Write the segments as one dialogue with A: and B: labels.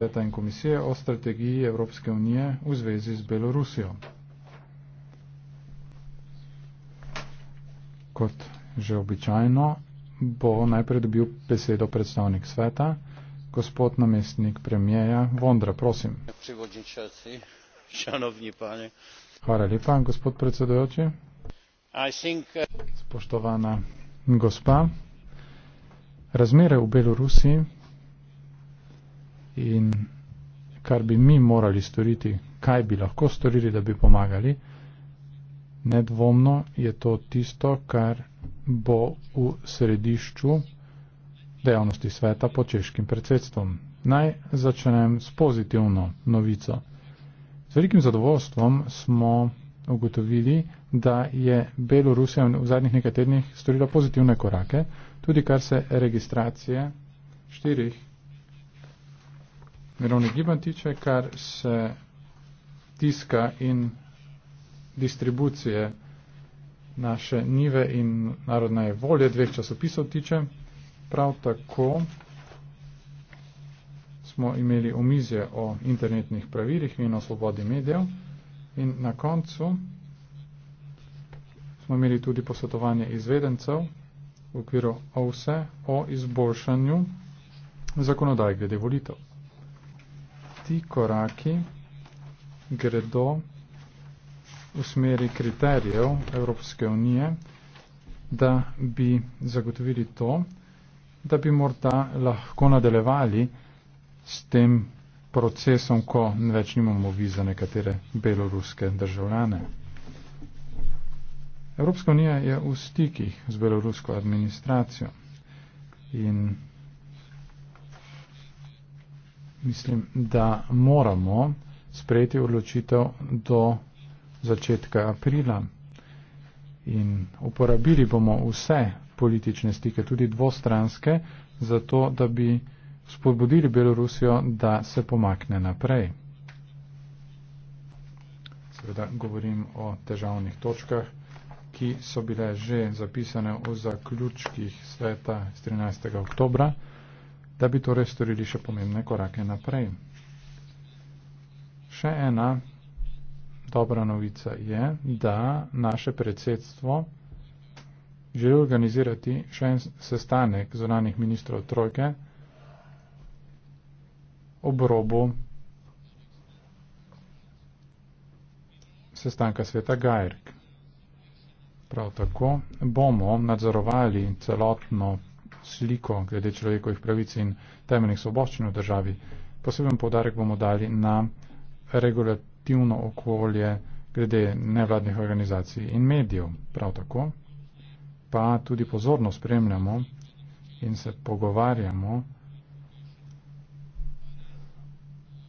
A: sveta in komisije o strategiji Evropske unije v zvezi z Belorusijo. Kot že običajno bo najprej dobil besedo predstavnik sveta, gospod namestnik premijeja Vondra, prosim. Hvala lepa, gospod predsedujoči. Uh, Spoštovana gospa, razmere v Belorusiji in kar bi mi morali storiti, kaj bi lahko storili, da bi pomagali, nedvomno je to tisto, kar bo v središču dejavnosti sveta pod češkim predsedstvom. Naj začnem s pozitivno novico. Z velikim zadovoljstvom smo ugotovili, da je Belorusija v zadnjih nekaj tednih storila pozitivne korake, tudi kar se registracije štirih mirovni giban tiče, kar se tiska in distribucije naše nive in narodne volje dveh časopisov tiče. Prav tako smo imeli omizje o internetnih pravilih in o svobodi medijev in na koncu smo imeli tudi posvetovanje izvedencev v okviru OVSE o izboljšanju zakonodaj glede volitev ti koraki gredo v smeri kriterijev Evropske unije, da bi zagotovili to, da bi morda lahko nadaljevali s tem procesom, ko več nimamo viz za nekatere beloruske državljane. Evropska unija je v stikih z belorusko administracijo in mislim, da moramo sprejeti odločitev do začetka aprila. In uporabili bomo vse politične stike, tudi dvostranske, zato, da bi spodbudili Belorusijo, da se pomakne naprej. Seveda govorim o težavnih točkah, ki so bile že zapisane v zaključkih sveta 13. oktobra da bi torej storili še pomembne korake naprej. Še ena dobra novica je, da naše predsedstvo želi organizirati še en sestanek zunanih ministrov trojke ob robu sestanka sveta Gajrk. Prav tako bomo nadzorovali celotno sliko glede človekovih pravic in temeljnih svoboščin v državi. Poseben podarek bomo dali na regulativno okolje glede nevladnih organizacij in medijev. Prav tako pa tudi pozorno spremljamo in se pogovarjamo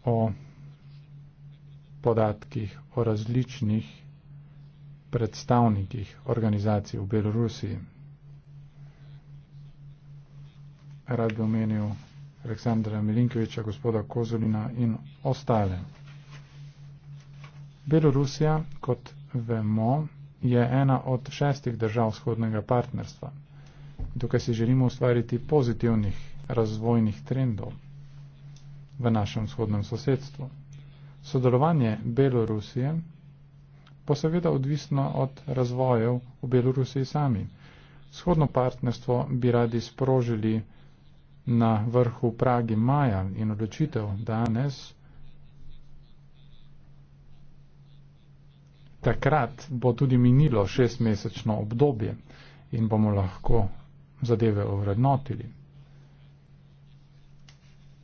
A: o podatkih o različnih predstavnikih organizacij v Belorusiji, rad bi omenil Aleksandra Milinkoviča, gospoda Kozolina in ostale. Belorusija, kot vemo, je ena od šestih držav vzhodnega partnerstva. Tukaj si želimo ustvariti pozitivnih razvojnih trendov v našem vzhodnem sosedstvu. Sodelovanje Belorusije pa seveda odvisno od razvojev v Belorusiji sami. Vzhodno partnerstvo bi radi sprožili na vrhu Pragi Maja in odločitev danes, takrat bo tudi minilo šestmesečno obdobje in bomo lahko zadeve ovrednotili.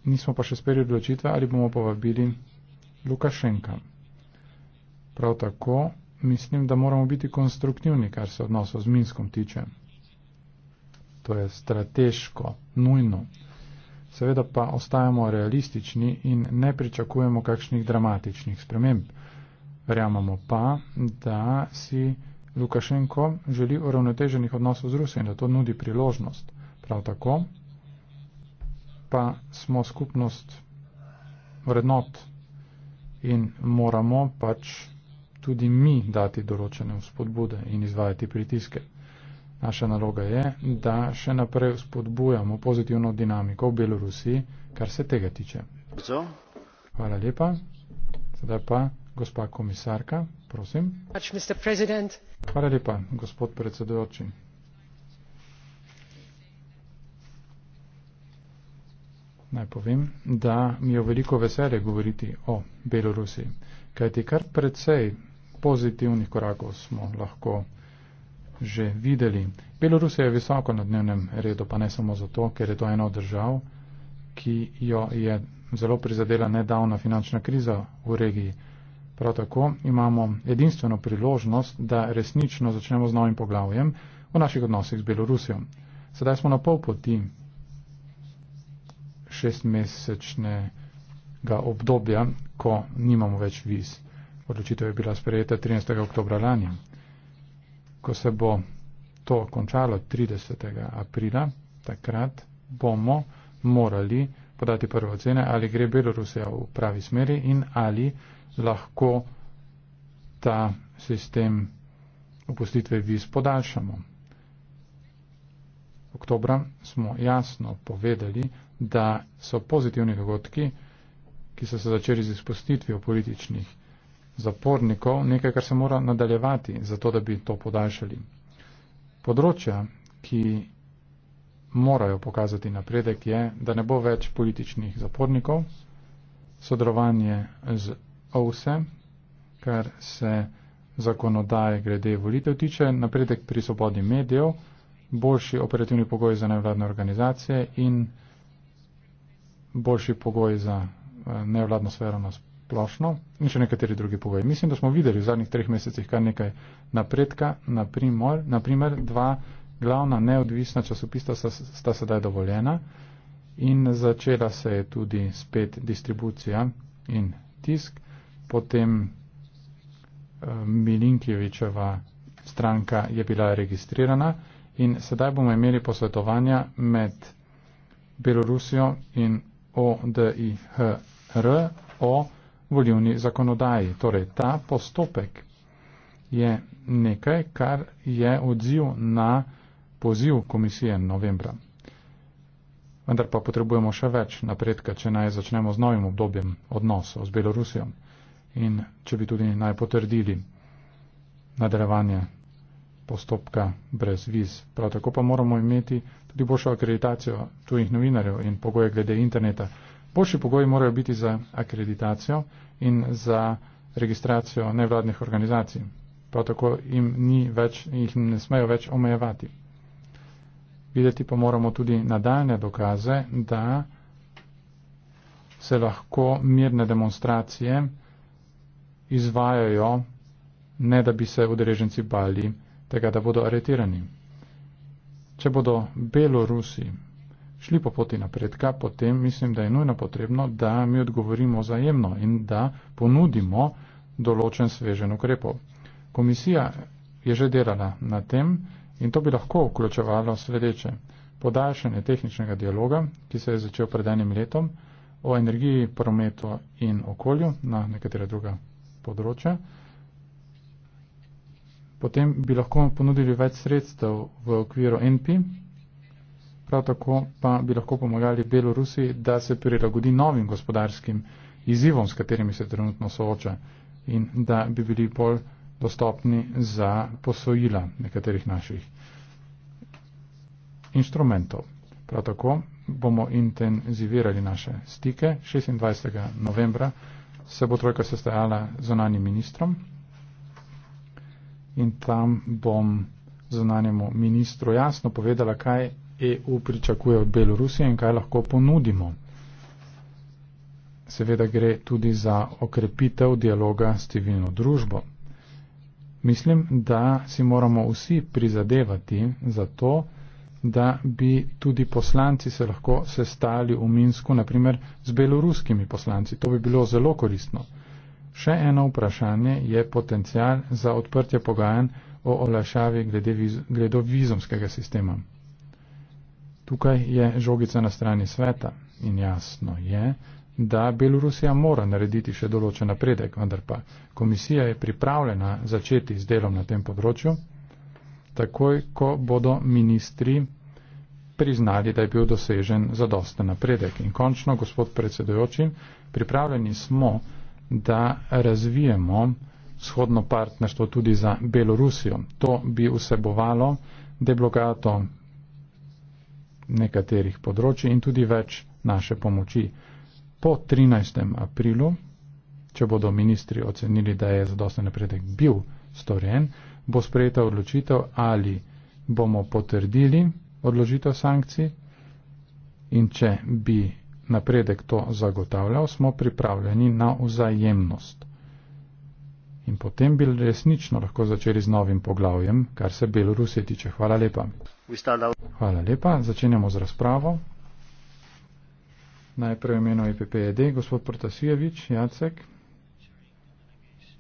A: Nismo pa še sprejeli odločitve, ali bomo povabili Lukašenka. Prav tako mislim, da moramo biti konstruktivni, kar se odnosov z Minskom tiče to je strateško, nujno. Seveda pa ostajamo realistični in ne pričakujemo kakšnih dramatičnih sprememb. Verjamemo pa, da si Lukašenko želi uravnoteženih odnosov z Rusijo in da to nudi priložnost. Prav tako pa smo skupnost vrednot in moramo pač tudi mi dati določene vzpodbude in izvajati pritiske. Naša naloga je, da še naprej spodbujamo pozitivno dinamiko v Belorusiji, kar se tega tiče. Hvala lepa. Sedaj pa gospa komisarka, prosim. Hvala lepa, gospod predsedujoči. Naj povem, da mi je veliko veselje govoriti o Belorusiji, kajti kar precej pozitivnih korakov smo lahko že videli. Belorusija je visoko na dnevnem redu, pa ne samo zato, ker je to ena od držav, ki jo je zelo prizadela nedavna finančna kriza v regiji. Prav tako imamo edinstveno priložnost, da resnično začnemo z novim poglavjem v naših odnosih z Belorusijo. Sedaj smo na pol poti šestmesečnega obdobja, ko nimamo več viz. Odločitev je bila sprejeta 13. oktobra lani ko se bo to končalo 30. aprila, takrat bomo morali podati prvo ocene, ali gre Belorusija v pravi smeri in ali lahko ta sistem opustitve viz podaljšamo. Oktobra smo jasno povedali, da so pozitivni dogodki, ki so se začeli z izpustitvijo političnih zapornikov, nekaj, kar se mora nadaljevati, zato da bi to podaljšali. Področja, ki morajo pokazati napredek, je, da ne bo več političnih zapornikov, sodelovanje z OVSE, kar se zakonodaje glede volitev tiče, napredek pri svobodi medijev, boljši operativni pogoj za nevladne organizacije in boljši pogoj za eh, nevladno sfero nasprotno splošno in še nekateri drugi pogoji. Mislim, da smo videli v zadnjih treh mesecih kar nekaj napredka, naprimer, naprimer dva glavna neodvisna časopista sta, sta sedaj dovoljena in začela se je tudi spet distribucija in tisk, potem eh, Milinkjevičeva stranka je bila registrirana in sedaj bomo imeli posvetovanja med Belorusijo in ODIHR o volivni zakonodaji. Torej, ta postopek je nekaj, kar je odziv na poziv komisije novembra. Vendar pa potrebujemo še več napredka, če naj začnemo z novim obdobjem odnosov z Belorusijo in če bi tudi naj potrdili nadaljevanje postopka brez viz. Prav tako pa moramo imeti tudi boljšo akreditacijo tujih novinarjev in pogoje glede interneta, Boljši pogoji morajo biti za akreditacijo in za registracijo nevladnih organizacij. Prav tako jim ni več, jih ne smejo več omejevati. Videti pa moramo tudi nadaljne dokaze, da se lahko mirne demonstracije izvajajo, ne da bi se udeleženci bali tega, da bodo aretirani. Če bodo Belorusi šli po poti napredka, potem mislim, da je nujno potrebno, da mi odgovorimo zajemno in da ponudimo določen svežen ukrepov. Komisija je že delala na tem in to bi lahko vključevalo sledeče. Podaljšanje tehničnega dialoga, ki se je začel pred enim letom, o energiji, prometu in okolju na nekatera druga področja. Potem bi lahko ponudili več sredstev v okviru NP, prav tako pa bi lahko pomagali Belorusiji, da se prilagodi novim gospodarskim izzivom, s katerimi se trenutno sooča in da bi bili bolj dostopni za posojila nekaterih naših inštrumentov. Prav tako bomo intenzivirali naše stike. 26. novembra se bo trojka sestajala z zonanim ministrom in tam bom zonanjemu ministru jasno povedala, kaj EU pričakuje od Belorusije in kaj lahko ponudimo. Seveda gre tudi za okrepitev dialoga s civilno družbo. Mislim, da si moramo vsi prizadevati za to, da bi tudi poslanci se lahko sestali v Minsku, naprimer z beloruskimi poslanci. To bi bilo zelo koristno. Še eno vprašanje je potencial za odprtje pogajanj o olajšavi glede, viz glede vizumskega sistema. Tukaj je žogica na strani sveta in jasno je, da Belorusija mora narediti še določen napredek, vendar pa komisija je pripravljena začeti z delom na tem področju, takoj ko bodo ministri priznali, da je bil dosežen zadosten napredek. In končno, gospod predsedojoči, pripravljeni smo, da razvijemo shodno partnerstvo tudi za Belorusijo. To bi vsebovalo deblogato nekaterih področji in tudi več naše pomoči. Po 13. aprilu, če bodo ministri ocenili, da je zadostne napredek bil storjen, bo sprejeta odločitev ali bomo potrdili odložitev sankcij in če bi napredek to zagotavljal, smo pripravljeni na vzajemnost. In potem bi resnično lahko začeli z novim poglavjem, kar se Belorusije tiče. Hvala lepa. Hvala lepa. Začenjamo z razpravo. Najprej imeno IPPED, e gospod Protasijevič Jacek,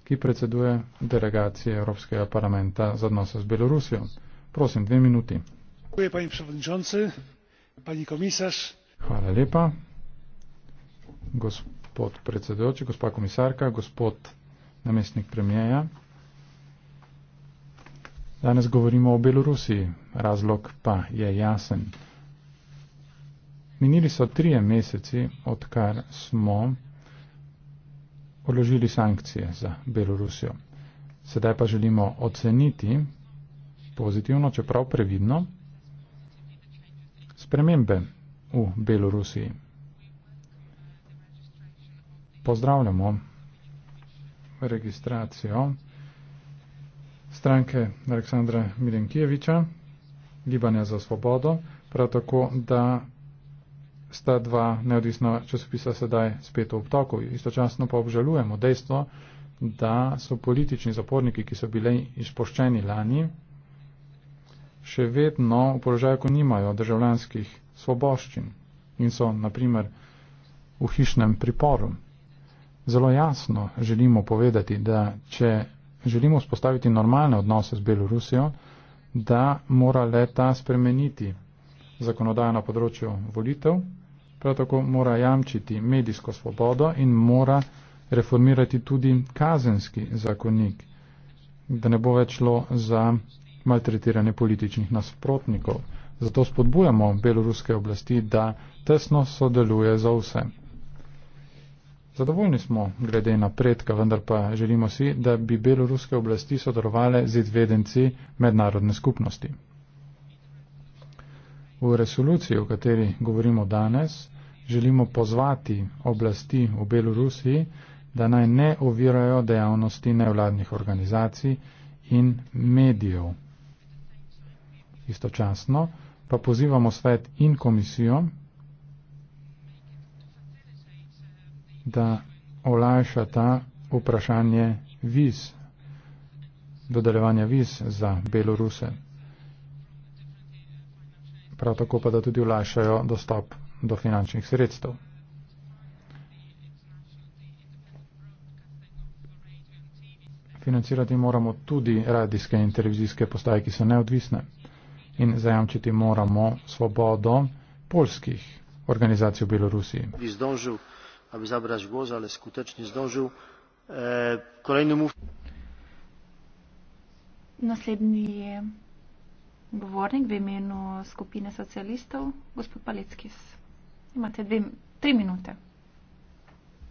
A: ki predseduje delegacije Evropskega parlamenta za odnose z Belorusijo. Prosim, dve minuti. Hvala lepa, gospod predsedujoči, gospa komisarka, gospod namestnik premijeja. Danes govorimo o Belorusiji, razlog pa je jasen. Minili so trije meseci, odkar smo odložili sankcije za Belorusijo. Sedaj pa želimo oceniti pozitivno, čeprav previdno, spremembe v Belorusiji. Pozdravljamo registracijo stranke Aleksandra Milenkijeviča, Gibanja za svobodo, prav tako, da sta dva neodvisna časopisa sedaj spet v obtoku. Istočasno pa obžalujemo dejstvo, da so politični zaporniki, ki so bili izpoščeni lani, še vedno v položaju, ko nimajo državljanskih svoboščin in so, na primer, v hišnem priporu. Zelo jasno želimo povedati, da če želimo vzpostaviti normalne odnose z Belorusijo, da mora le ta spremeniti zakonodajo na področju volitev, prav tako mora jamčiti medijsko svobodo in mora reformirati tudi kazenski zakonik, da ne bo več šlo za maltretiranje političnih nasprotnikov. Zato spodbujamo beloruske oblasti, da tesno sodeluje za vse. Zadovoljni smo glede napredka, vendar pa želimo si, da bi beloruske oblasti sodelovali z izvedenci mednarodne skupnosti. V resoluciji, o kateri govorimo danes, želimo pozvati oblasti v Belorusiji, da naj ne ovirajo dejavnosti nevladnih organizacij in medijev. Istočasno pa pozivamo svet in komisijo, da olajša ta vprašanje viz, dodeljevanja viz za Beloruse. Prav tako pa da tudi olajšajo dostop do finančnih sredstev. Financirati moramo tudi radijske in televizijske postaje, ki so neodvisne. In zajamčiti moramo svobodo polskih organizacij v Belorusiji. Izdolžil aby zabrać głos ale skutecznie zdążył. E, kolejny mówca.
B: Następny mówornik w imieniu skupiny socjalistów, gospod Palickis. Macie dwie, trzy minuty.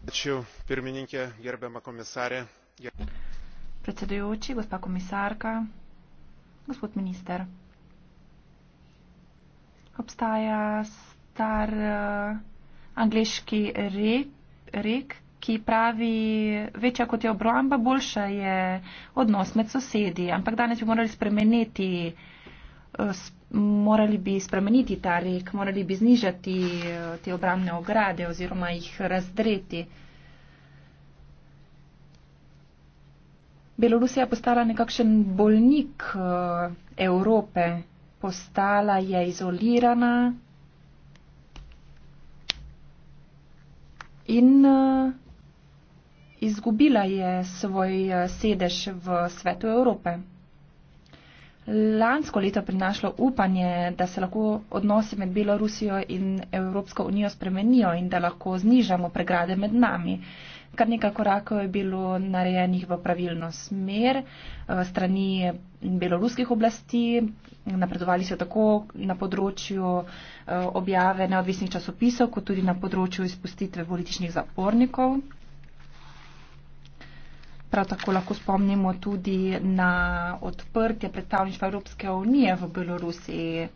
A: Ačiū, pirmininkė, gerbiama komisarė. Ger...
B: Pracedujuči, gospa komisarka, gospod minister. Obstaja star uh, angliški rek, rek, ki pravi, večja kot je obramba, boljša je odnos med sosedi. Ampak danes bi morali spremeniti, eh, morali bi spremeniti ta rek, morali bi znižati eh, te obramne ograde oziroma jih razdreti. Belorusija je postala nekakšen bolnik eh, Evrope, postala je izolirana, in uh, izgubila je svoj eh, sedež v svetu Evrope. Lansko leto prinašlo upanje, da se lahko odnose med Belorusijo in Evropsko unijo spremenijo in da lahko znižamo pregrade med nami. Uh, kar nekaj korakov je bilo narejenih v pravilno smer eh, strani beloruskih oblasti. Napredovali so tako na področju eh, objave neodvisnih časopisov, kot tudi na področju izpustitve političnih zapornikov. Prav tako lahko spomnimo tudi na odprtje predstavništva Evropske unije v Belorusiji.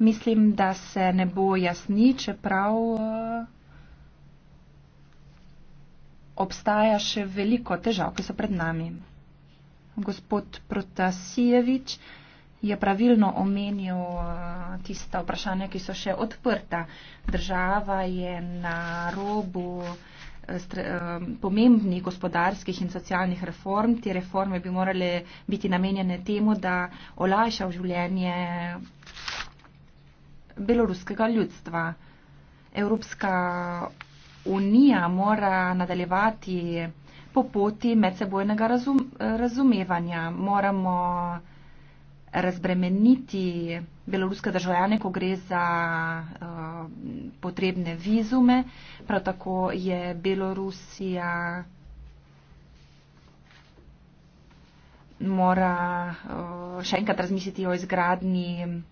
B: Mislim, da se ne bo jasni, čeprav. Uh obstaja še veliko težav, ki so pred nami. Gospod Protasijevič je pravilno omenil eh, tista vprašanja, ki so še odprta. Država je na robu eh, eh, pomembnih gospodarskih in socialnih reform. Te reforme bi morale biti namenjene temu, da olajša v življenje beloruskega ljudstva. Evropska unija mora nadaljevati po poti medsebojnega razum, razumevanja. Moramo razbremeniti beloruske državljane, ko gre za uh, potrebne vizume. Prav tako je Belorusija mora uh, še enkrat razmisliti o izgradnji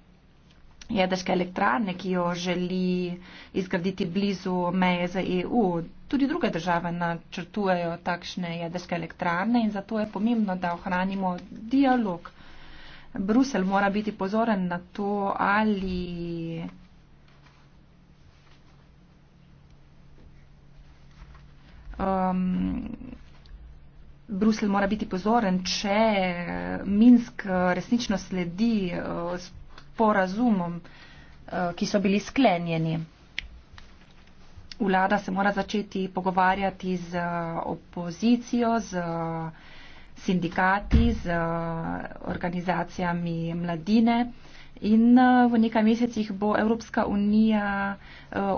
B: jedrske elektrarne, ki jo želi izgraditi blizu meje za EU. Tudi druge države načrtujejo takšne jedrske elektrarne in zato je pomembno, da ohranimo dialog. Brusel mora biti pozoren na to, ali um, Brusel mora biti pozoren, če Minsk resnično sledi uh, sporazumom, eh, ki so bili sklenjeni. Vlada se mora začeti pogovarjati z eh, opozicijo, z eh, sindikati, z organizacijami mladine. In v nekaj mesecih bo Evropska unija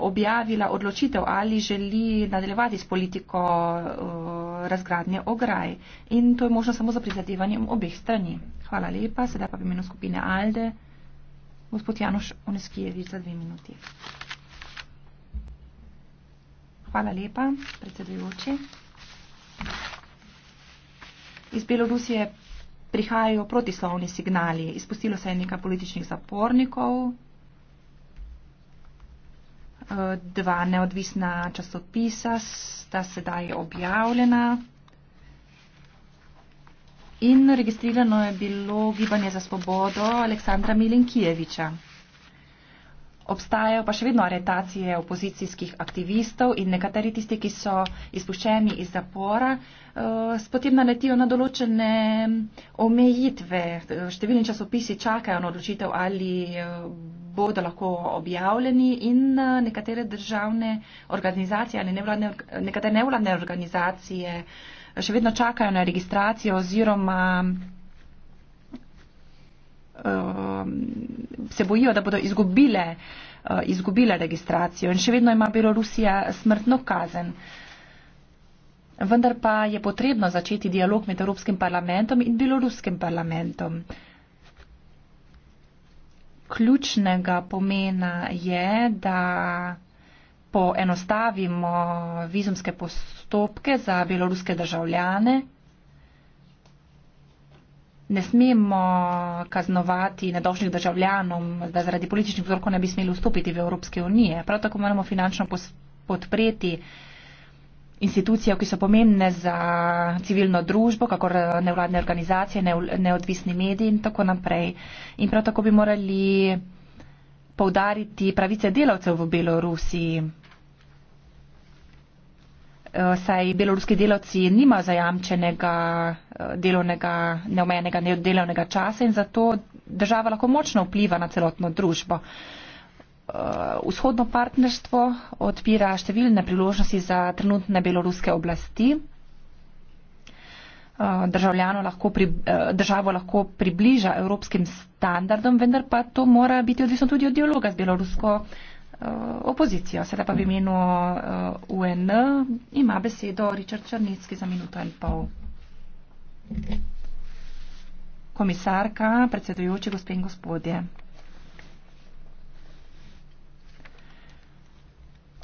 B: objavila odločitev, ali želi nadaljevati s politiko razgradnje ograj. In to je možno samo za prizadevanjem obeh strani. Hvala lepa, sedaj pa v imenu skupine Alde. Gospod Janoš Oneskijevič za dve minuti. Hvala lepa, predsedujoči. Iz Belorusije prihajajo protislovni signali. Izpustilo se je nekaj političnih zapornikov, eh, dva neodvisna časopisa sta sedaj objavljena. In registrirano je bilo gibanje za svobodo Aleksandra Milinkijeviča. Obstajajo pa še vedno aretacije opozicijskih aktivistov in nekateri tisti, ki so izpuščeni iz zapora, uh, potem naletijo na določene omejitve. Številni časopisi čakajo na odločitev, ali eh, bodo lahko objavljeni in eh, nekatere državne organizacije ali nevladne, nekatere nevladne organizacije. Uh, še vedno čakajo na registracijo oziroma uh, se bojijo, da bodo izgubile, uh, izgubile registracijo. In še vedno ima Belorusija smrtno kazen. Vendar pa je potrebno začeti dialog med Evropskim parlamentom in Beloruskim parlamentom. Ključnega pomena je, da poenostavimo vizumske postopke postopke za beloruske državljane. Ne smemo kaznovati nedošnjih državljanom, da zaradi političnih vzorkov ne bi smeli vstopiti v Evropske unije. Prav tako moramo finančno podpreti institucijo, ki so pomembne za civilno družbo, kako nevladne organizacije, neodvisni mediji in tako naprej. In prav tako bi morali povdariti pravice delavcev v Belorusiji. Eh, saj beloruski delavci nima zajamčenega eh, delovnega, neomejenega delovnega časa in zato država lahko močno vpliva na celotno družbo. Eh, vzhodno partnerstvo odpira številne priložnosti za trenutne beloruske oblasti. Lahko pri, državo lahko približa evropskim standardom, vendar pa to mora biti odvisno tudi od dialoga z belorusko Eh, opozicijo. Sedaj pa v imenu eh, UN ima besedo Richard Črnitski za minuto in pol. Komisarka, predsedujoči, gospe in gospodje.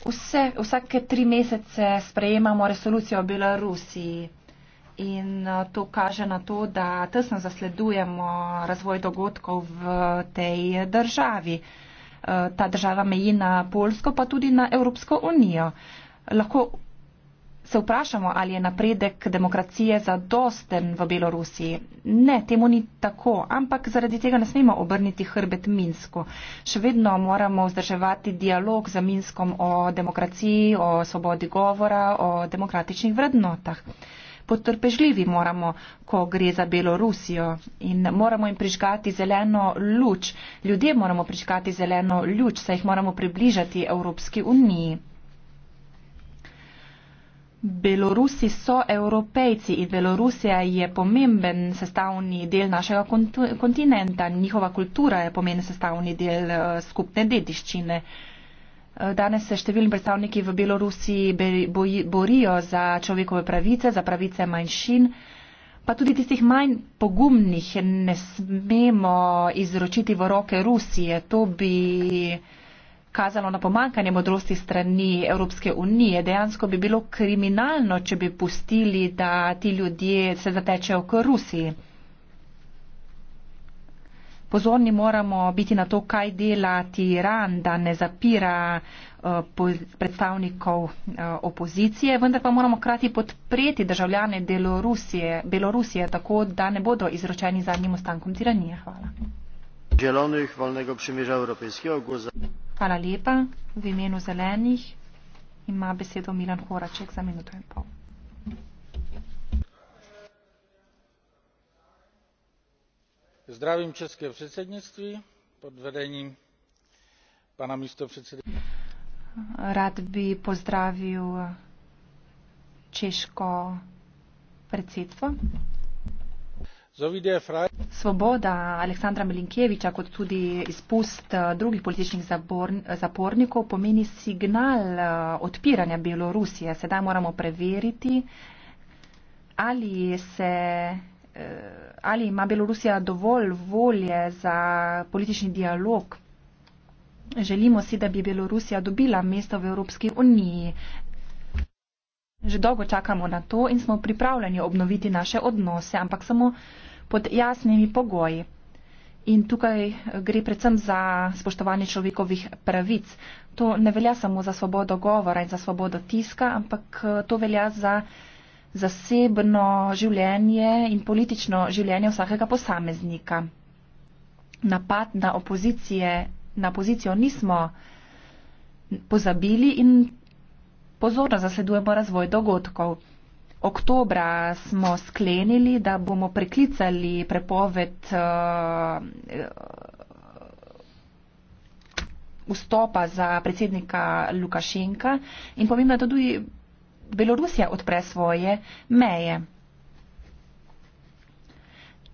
B: Vse, vsake tri mesece sprejemamo resolucijo o Belorusiji in eh, to kaže na to, da tesno zasledujemo razvoj dogodkov v tej državi. Uh, Eh, ta država meji na Polsko, pa tudi na Evropsko unijo. Lahko se vprašamo, ali je napredek demokracije zadosten v Belorusiji. Ne, temu ni tako, ampak zaradi tega ne smemo obrniti hrbet Minsko. Še vedno moramo vzdrževati dialog za Minskom o demokraciji, o svobodi govora, o demokratičnih vrednotah potrpežljivi moramo, ko gre za Belorusijo in moramo jim prižgati zeleno luč. Ljudje moramo prižgati zeleno luč, saj jih moramo približati Evropski uniji. Belorusi so evropejci in Belorusija je pomemben sestavni del našega kontinenta. Njihova kultura je pomemben sestavni del eh, skupne dediščine. Eh, danes se številni predstavniki v Belorusiji borijo za človekove pravice, za pravice manjšin, pa tudi tistih manj pogumnih ne smemo izročiti v roke Rusije. To bi kazalo na pomankanje modrosti strani Evropske unije. Dejansko bi bilo kriminalno, če bi pustili, da ti ljudje se zatečejo k Rusiji pozorni moramo biti na to, kaj dela Tiran, da ne zapira eh, predstavnikov eh, opozicije, vendar pa moramo krati podpreti državljane Belorusije, Belorusije tako da ne bodo izročeni zadnjim ostankom tiranije. Hvala.
A: Zelenih, valnega primirja Evropske unije.
B: Hvala lepa. V imenu zelenih ima besedo Milan Horaček za minuto in pol.
A: zdravím české předsednictví pod vedením pana místopředsedy.
B: Rád by pozdravil Češko predsedstvo. Svoboda Aleksandra Milinkeviča kot tudi izpust drugih političnih zapornikov pomeni signal eh, odpiranja Belorusije. Sedaj moramo preveriti, ali se Eh, ali ima Belorusija dovolj volje za politični dialog. Želimo si, da bi Belorusija dobila mesto v Evropski uniji. Že dolgo čakamo na to in smo pripravljeni obnoviti naše odnose, ampak samo pod jasnimi pogoji. In tukaj eh, gre predvsem za spoštovanje človekovih pravic. To ne velja samo za svobodo govora in za svobodo tiska, ampak eh, to velja za zasebno življenje in politično življenje vsakega posameznika. Napad na opozicije, na opozicijo nismo pozabili in pozorno zasledujemo razvoj dogodkov. Oktobra smo sklenili, da bomo preklicali prepoved uh, vstopa za predsednika Lukašenka in pomembno je tudi Belorusija odpre svoje meje.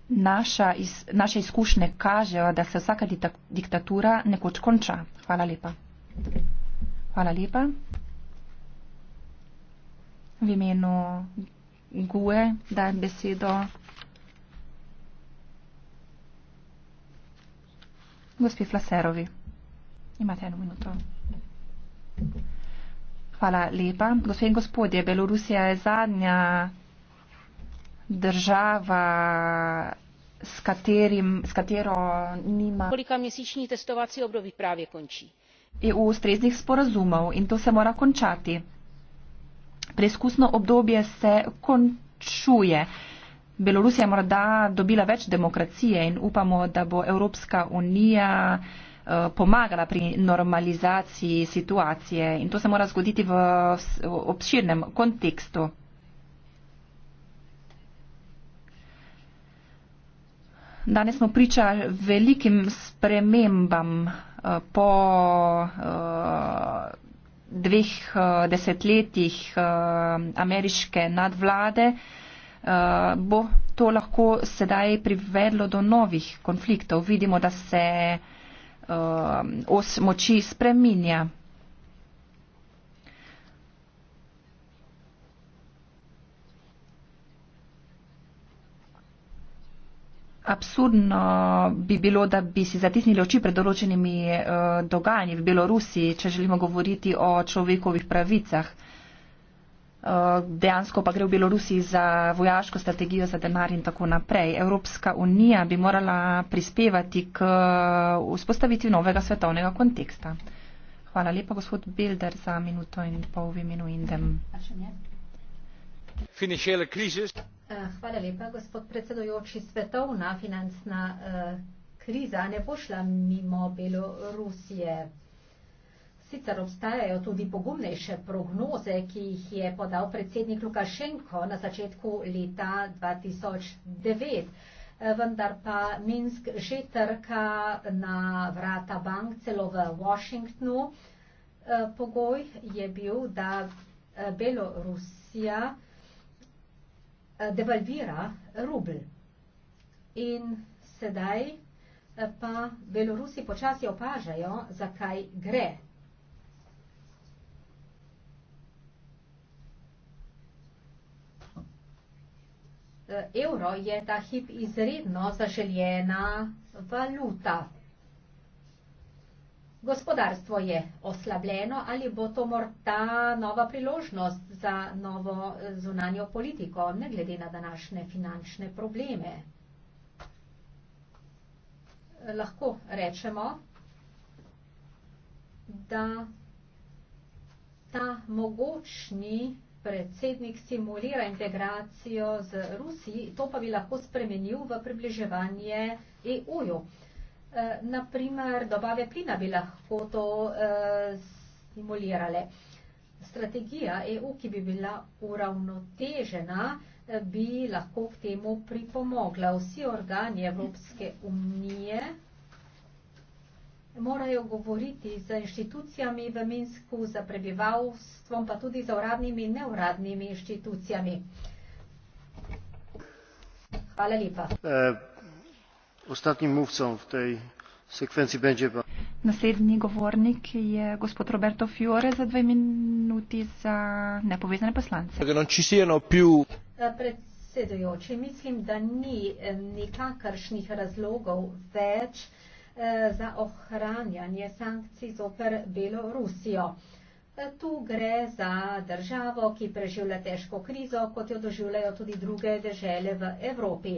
B: Naša iz, naše izkušnje kažejo, da se vsaka diktatura nekoč konča. Hvala lepa. Hvala lepa. V imenu Gue dajem besedo gospi Flaserovi. Imate eno minuto. Hvala lepa. Gospod in gospodje, Belorusija je zadnja država, s, katerim, s katero nima.
C: Kolika mesečni testovacij obrovi pravi konči?
B: Je v ustreznih sporazumov in to se mora končati. Preizkusno obdobje se končuje. Belorusija je morda dobila več demokracije in upamo, da bo Evropska unija. Eh, pomagala pri normalizaciji situacije in to se mora zgoditi v obširnem kontekstu. Danes smo priča velikim spremembam eh, po eh, dveh desetletjih ameriške nadvlade. Bo to lahko sedaj privedlo do novih konfliktov? Vidimo, da se uh, os moči spreminja. Absurdno bi bilo, da bi si zatisnili oči pred določenimi uh, dogajanji v Belorusiji, če želimo govoriti o človekovih pravicah. Uh, dejansko pa gre v Belorusiji za vojaško strategijo, za denar in tako naprej. Evropska unija bi morala prispevati k vzpostaviti novega svetovnega konteksta. Hvala lepa, gospod Bilder, za minuto in pol v imenu Indem.
A: Eh,
C: hvala lepa, gospod predsedujoči. Svetovna finančna eh, kriza ne bo šla mimo Belorusije. Sicer obstajajo tudi pogumnejše prognoze, ki jih je podal predsednik Lukašenko na začetku leta 2009. Vendar pa Minsk že trka na vrata bank, celo v Washingtonu. E, pogoj je bil, da e, Belorusija e, devalvira rubl. In sedaj pa Belorusi počasi opažajo, zakaj gre. Eh, evro je ta hip izredno zaželjena valuta. Gospodarstvo je oslabljeno ali bo to morda nova priložnost za novo eh, zunanjo politiko, ne glede na današnje finančne probleme. Eh, lahko rečemo, da ta mogočni predsednik simulira integracijo z Rusiji, to pa bi lahko spremenil v približevanje EU-ju. Eh, Naprimer, dobave plina bi lahko to eh, simulirale. Strategija EU, ki bi bila uravnotežena, eh, bi lahko k temu pripomogla. Vsi organi Evropske unije morajo govoriti z inštitucijami v Minsku, za prebivalstvom, pa tudi za uradnimi in neuradnimi inštitucijami.
B: Hvala lepa.
A: Eh, ostatnim muvcom v tej sekvenci bendže pa.
B: Naslednji govornik je gospod Roberto Fiore za dve minuti za nepovezane poslance.
C: E, predsedujoči, mislim, da ni e, nikakršnih razlogov več, Eh, za ohranjanje sankcij zoper Belorusijo. Eh, tu gre za državo, ki preživlja težko krizo, kot jo doživljajo tudi druge dežele v Evropi.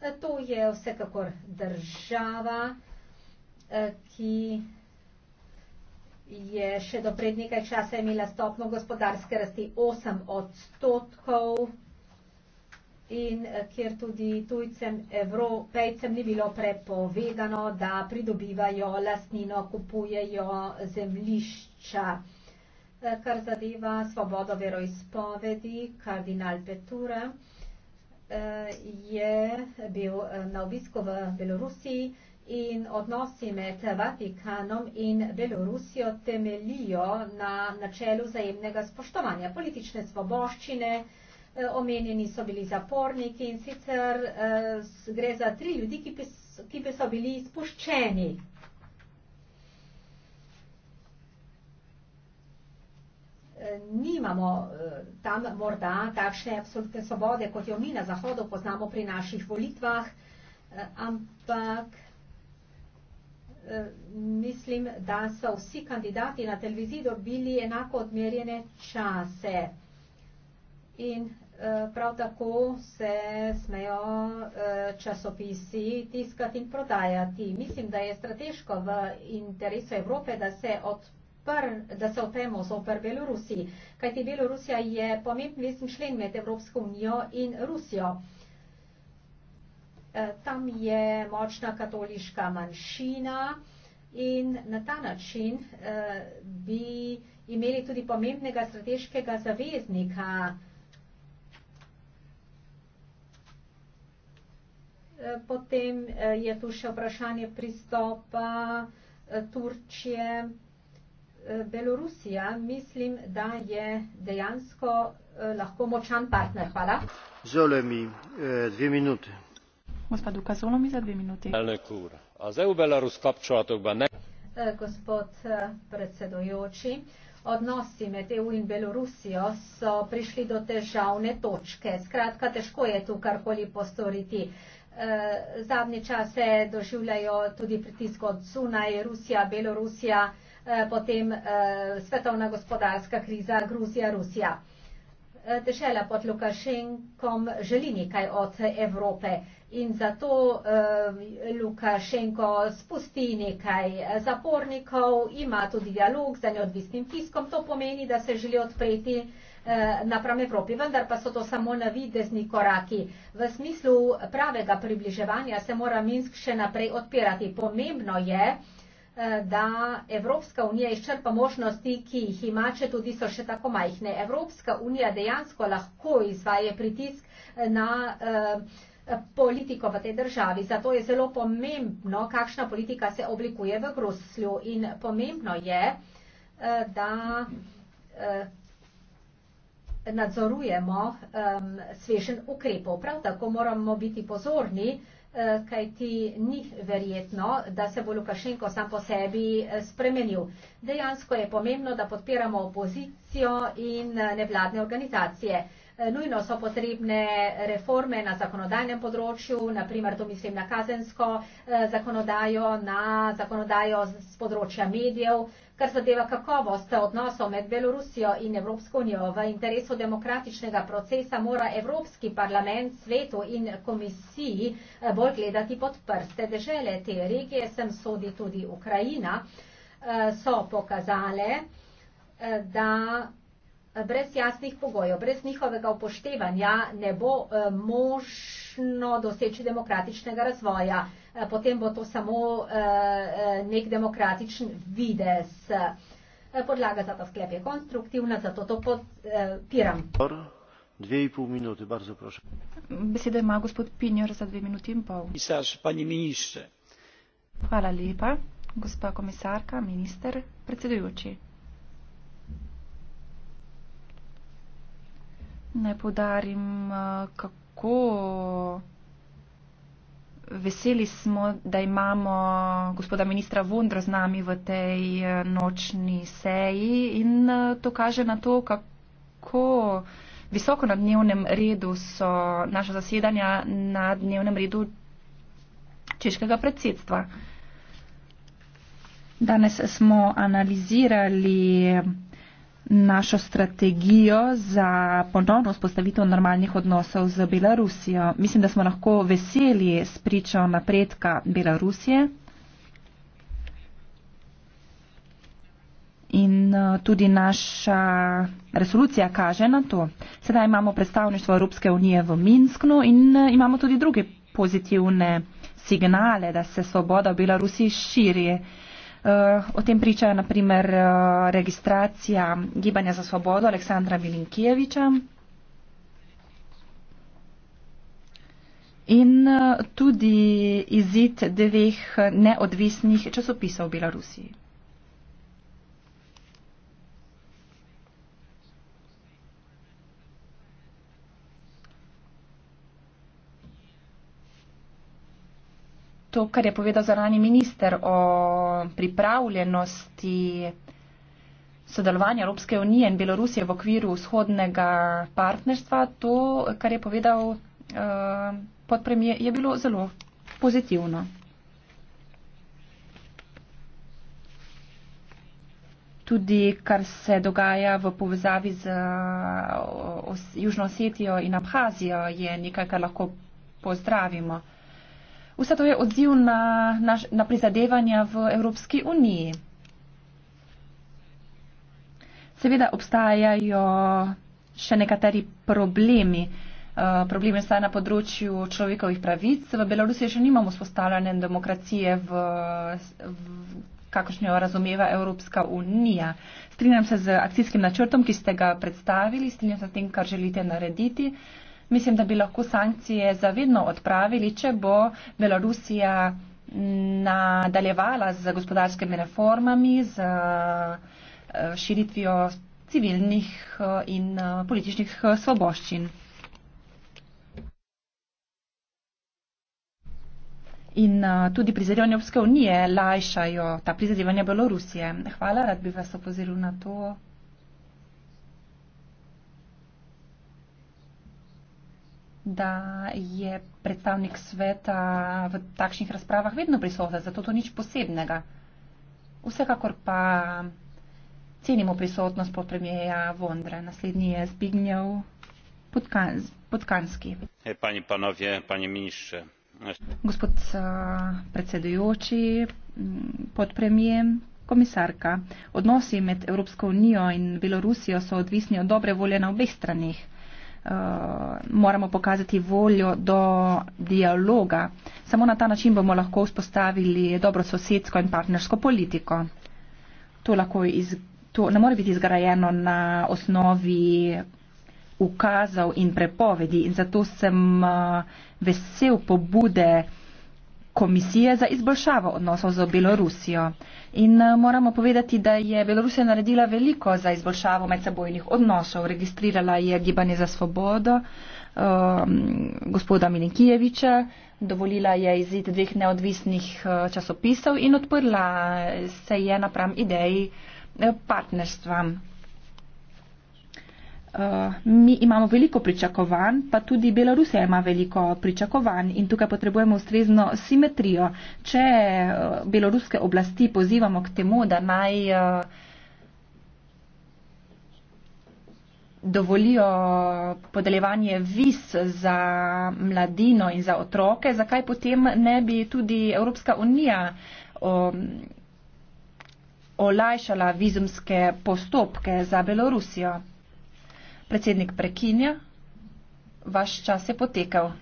C: Eh, to je vsekakor država, ki je še do pred nekaj časa imela stopno gospodarske rasti 8 odstotkov in eh, kjer tudi tujcem, evropejcem ni bilo prepovedano, da pridobivajo lastnino, kupujejo zemlišča. Eh, kar zadeva svobodo veroizpovedi, kardinal Petura eh, je bil na obisku v Belorusiji in odnosi med Vatikanom in Belorusijo temelijo na načelu zajemnega spoštovanja politične svoboščine, Eh, omenjeni so bili zaporniki in sicer eh, gre za tri ljudi, ki pa so bili izpuščeni. Eh, nimamo tam morda takšne absolutne svobode, kot jo mi na Zahodu poznamo pri naših volitvah, ampak mislim, da so vsi kandidati na televiziji dobili enako odmerjene čase. In Eh, prav tako se smejo eh, časopisi tiskati in prodajati. Mislim, da je strateško v interesu Evrope, da se odpravijo da se otemo zoper Belorusi, kajti Belorusija je pomemben vesni člen med Evropsko unijo in Rusijo. Eh, tam je močna katoliška manjšina in na ta način bi imeli tudi pomembnega strateškega zaveznika Potem eh, je tu še vprašanje pristopa eh, Turčije, eh, Belorusija. Mislim, da je dejansko lahko močan partner. Hvala.
A: Zole mi dve minute.
B: Gospod Duka, zole mi za dve minute.
A: A zdaj v Belarus kapčovatokba ne.
C: Gospod predsedojoči, odnosi med EU in Belorusijo so prišli do težavne točke. Skratka, težko je tu karkoli postoriti. Eh, zadnje čase doživljajo tudi pritisk od zunaj, Rusija, Belorusija, eh, potem eh, svetovna gospodarska kriza, Gruzija, Rusija. Dežela pod Lukašenkom želi nekaj od Evrope in zato Lukašenko spusti nekaj zapornikov, ima tudi dialog z neodvisnim tiskom, to pomeni, da se želi odpreti Eh, naprave Evropi. Vendar pa so to samo navidezni koraki. V smislu pravega približevanja se mora Minsk še naprej odpirati. Pomembno je, eh, da Evropska unija izčrpa možnosti, ki jih ima, če tudi so še tako majhne. Evropska unija dejansko lahko izvaje pritisk eh, na politiko v tej državi. Zato je zelo pomembno, kakšna politika se oblikuje v Gruslju. In pomembno je, da nadzorujemo um, svežen ukrepov. Prav tako moramo biti pozorni, uh, e, kaj ti ni verjetno, da se bo Lukašenko sam po sebi e, spremenil. Dejansko je pomembno, da podpiramo opozicijo in e, nevladne organizacije. Uh, Eh, nujno so potrebne reforme na zakonodajnem področju, naprimer to mislim na kazensko eh, zakonodajo, na zakonodajo z področja medijev, kar zadeva kakovost odnosov med Belorusijo in Evropsko unijo. V interesu demokratičnega procesa mora Evropski parlament, svetu in komisiji eh, bolj gledati pod prste države te regije, sem sodi tudi Ukrajina, so pokazale, da brez jasnih pogojev, brez njihovega upoštevanja ne bo eh, možno doseči demokratičnega razvoja. Eh, potem bo to samo eh, nek demokratičen vides. Podlaga za ta sklep je konstruktivna, zato to podpiram.
A: Dve in
B: pol minute, bardzo prosim. Beseda ima gospod Pinjor za dve minuti in pol. Misaž, pani minišče. Hvala lepa, gospa komisarka, minister, predsedujoči. Naj podarim, eh, kako veseli smo, da imamo gospoda ministra Vondra z nami v tej eh, nočni seji in eh, to kaže na to, kako visoko na dnevnem redu so naša zasedanja na dnevnem redu češkega predsedstva. Danes smo analizirali našo strategijo za ponovno vzpostavitev normalnih odnosov z Belorusijo. Mislim, da smo lahko veseli s pričo napredka Belorusije. In eh, tudi naša resolucija kaže na to. Sedaj imamo predstavništvo Evropske unije v Minsku in eh, imamo tudi druge pozitivne signale, da se svoboda v Belorusiji širi. Eh, o tem pričajo naprimer eh, registracija Gibanja za svobodo Aleksandra Milinkijeviča. In eh, tudi izid dveh neodvisnih časopisov v Belorusiji. to, kar je povedal zaradi minister o pripravljenosti sodelovanja Evropske unije in Belorusije v okviru vzhodnega partnerstva, to, kar je povedal uh, eh, podpremije, je bilo zelo pozitivno. Tudi, kar se dogaja v povezavi z Južno Osetijo in Abhazijo, je nekaj, kar lahko pozdravimo. Vse to je odziv na, naš, na prizadevanja v Evropski uniji. Seveda obstajajo še nekateri problemi. Eh, Problem je na področju človekovih pravic. V Belorusiji še nimamo spostavljene demokracije, v, v kakršno jo razumeva Evropska unija. Strinjam se z akcijskim načrtom, ki ste ga predstavili, strinjam se s tem, kar želite narediti. Uh, Mislim, da bi lahko sankcije zavedno odpravili, če bo Belorusija nadaljevala z gospodarskimi reformami, z eh, širitvijo civilnih eh, in eh, političnih svoboščin. In tudi prizadevanja Evropske unije lajšajo ta prizadevanja Belorusije. Hvala, rad bi vas opozoril na to. da je predstavnik sveta v takšnih razpravah vedno prisoten, zato to nič posebnega. Vsekakor pa cenimo prisotnost podpremjeja Vondre. Naslednji je Zbignjev Podkanski.
A: Pani panovje, pani ministre.
B: Gospod eh, predsedujoči, mm, podpremije, komisarka. Odnosi med Evropsko unijo in Belorusijo so odvisni od dobre volje na obeh stranih. Eh, moramo pokazati voljo do dialoga. Samo na ta način bomo lahko vzpostavili dobro sosedsko in partnersko politiko. To, lahko iz, to ne more biti izgrajeno na osnovi ukazov in prepovedi in zato sem eh, vesel pobude komisije za izboljšavo odnosov z Belorusijo. In eh, moramo povedati, da je Belorusija naredila veliko za izboljšavo medsebojnih odnosov. Registrirala je gibanje za svobodo um, gospoda Milinkijeviča, dovolila je izid dveh neodvisnih eh, časopisov in odprla se je napram ideji eh, partnerstva. Eh, mi imamo veliko pričakovanj, pa tudi Belorusija ima veliko pričakovanj in tukaj potrebujemo ustrezno simetrijo. Če eh, beloruske oblasti pozivamo k temu, da naj eh, dovolijo podeljevanje viz za mladino in za otroke, zakaj potem ne bi tudi Evropska unija um, olajšala vizumske postopke za Belorusijo? Predsednik prekinja. Vaš čas je potekal.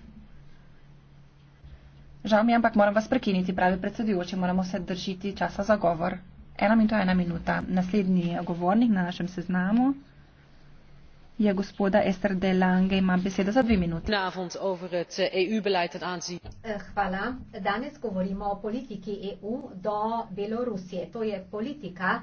B: Žal mi je, ampak moram vas prekiniti, pravi predsedujoči, moramo se držiti časa za govor. Ena minuta je ena minuta. Naslednji govornik na našem seznamu je gospoda Ester De Lange, ima besedo za dve minuti. Eh,
C: eh, hvala. Danes govorimo o politiki EU do Belorusije. To je politika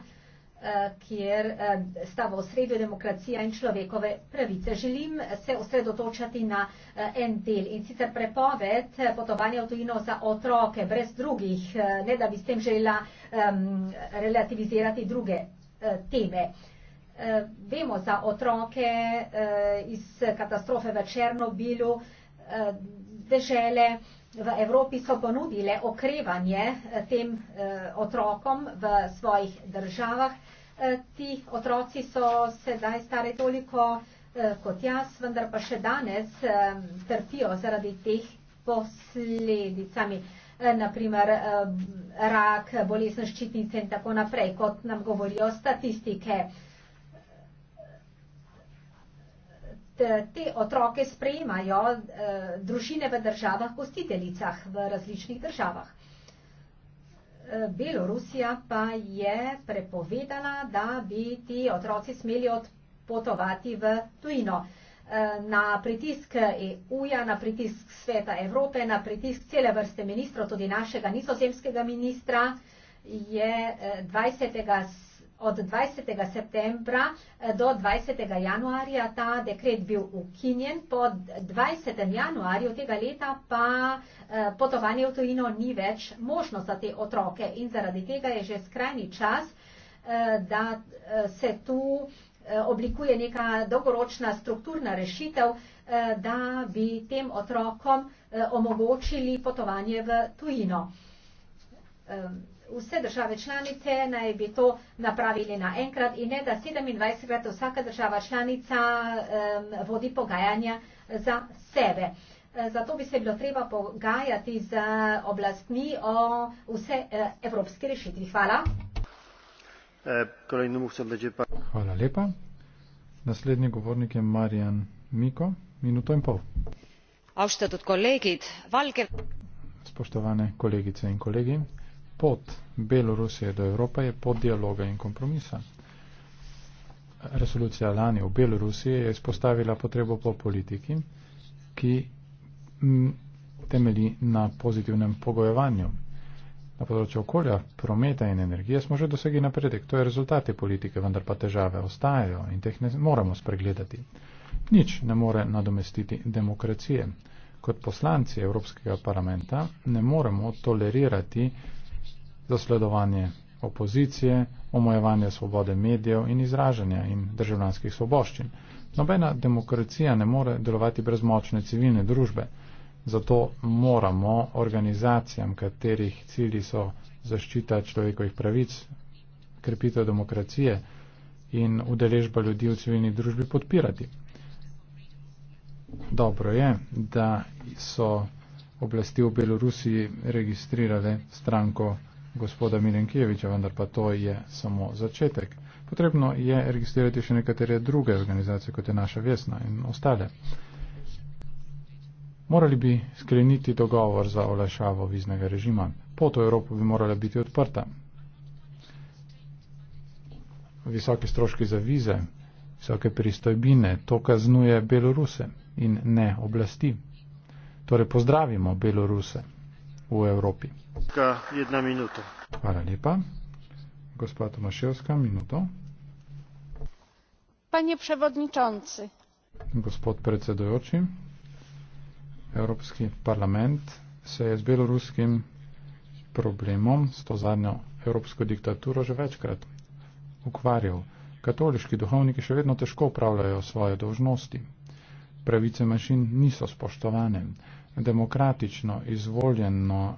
C: Eh, kjer eh, sta v osredju demokracija in človekove pravice. Želim se osredotočati na eh, en del in sicer prepoved potovanja v tujino za otroke brez drugih, ne da bi s tem želela um, relativizirati druge uh, teme. Uh, vemo za otroke uh, iz katastrofe v Černobilu, uh, dežele, uh, v Evropi so ponudile okrevanje eh, tem eh, otrokom v svojih državah. Eh, ti otroci so sedaj stare toliko kot jaz, vendar pa še danes trpijo zaradi teh posledicami, naprimer rak, bolesne ščitnice in tako naprej, kot nam govorijo statistike. te otroke sprejemajo eh, družine v državah gostiteljicah v različnih državah. Eh, Belorusija pa je prepovedala, da bi ti otroci smeli odpotovati v tujino. Eh, na pritisk EU-ja, na pritisk Sveta Evrope, na pritisk cele vrste ministrov, tudi našega nizozemskega ministra, je 20 od 20. septembra eh, do 20. januarja ta dekret bil ukinjen, po 20. januarju tega leta pa eh, potovanje v tujino ni več možno za te otroke in zaradi tega je že skrajni čas, eh, da se tu oblikuje neka dolgoročna strukturna rešitev, da bi tem otrokom omogočili potovanje v tujino. Ehm, vse države članice naj bi to napravili naenkrat in ne, da 27krat vsaka država članica um, vodi pogajanja za sebe. E, zato bi se bilo treba pogajati z oblastmi o vse e, evropske rešitvi. Hvala.
A: E, Hvala lepa. Naslednji govornik je Marjan Miko, minuto in pol.
C: Avštetut kolegit, valke.
A: Spoštovane kolegice in kolegi pot Belorusije do Evrope je pot dialoga in kompromisa. Resolucija lani v Belorusiji je izpostavila potrebo po politiki, ki temelji na pozitivnem pogojevanju. Na področju okolja, prometa in energije smo že dosegli napredek. To je rezultate politike, vendar pa težave ostajajo in teh ne moramo spregledati. Nič ne more nadomestiti demokracije. Kot poslanci Evropskega parlamenta ne moremo tolerirati zasledovanje opozicije, omojevanje svobode medijev in izražanja in državljanskih svoboščin. Nobena demokracija ne more delovati brez močne civilne družbe. Zato moramo organizacijam, katerih cilji so zaščita človekovih pravic, krepitev demokracije in udeležba ljudi v civilni družbi podpirati. Dobro je, da so oblasti v Belorusiji registrirale stranko gospoda Milenkijeviča, vendar pa to je samo začetek. Potrebno je registrirati še nekatere druge organizacije, kot je naša Vesna in ostale. Morali bi skleniti dogovor za olajšavo viznega režima. Pot v Evropo bi morala biti odprta. Visoke stroški za vize, visoke pristojbine, to kaznuje Beloruse in ne oblasti. Torej pozdravimo Beloruse u Evropi. Jedna minuta. Hvala lijepa. Gospoda Tomaševska, minuto.
C: Panie przewodniczący.
A: Gospod predsedujoči, Evropski parlament se je z beloruskim problemom, s to zadnjo evropsko diktaturo, že večkrat ukvarjal. Katoliški duhovniki še vedno težko upravljajo svoje dožnosti. Pravice manjšin niso spoštovane demokratično izvoljeno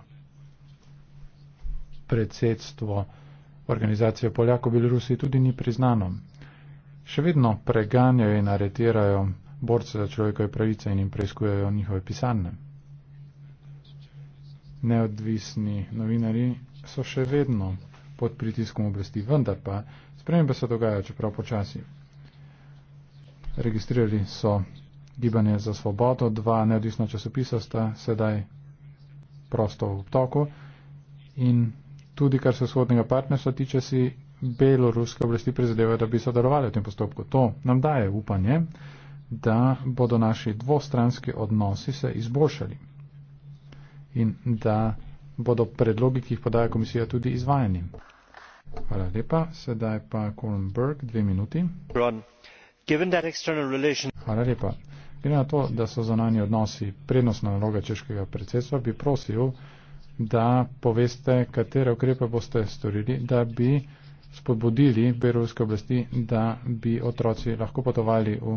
A: predsedstvo organizacije Poljako bil Rusi tudi ni priznano. Še vedno preganjajo in aretirajo borce za človekove pravice in jim preizkujejo njihove pisanje. Neodvisni novinari so še vedno pod pritiskom oblasti, vendar pa spremembe se dogajajo, čeprav počasi. Registrirali so Gibanje za svobodo, dva neodvisna časopisa sta sedaj prosto v toku in tudi kar se vzhodnega partnerstva tiče, si beloruske oblasti prizadevajo, da bi sodelovali v tem postopku. To nam daje upanje, da bodo naši dvostranski odnosi se izboljšali in da bodo predlogi, ki jih podaja komisija, tudi izvajani. Hvala lepa. Sedaj pa Colin Burke, dve minuti. Hvala lepa. Glede na to, da so zonani odnosi prednostna naloga češkega predsedstva, bi prosil, da poveste, katere ukrepe boste storili, da bi spodbudili beruljske oblasti, da bi otroci lahko potovali v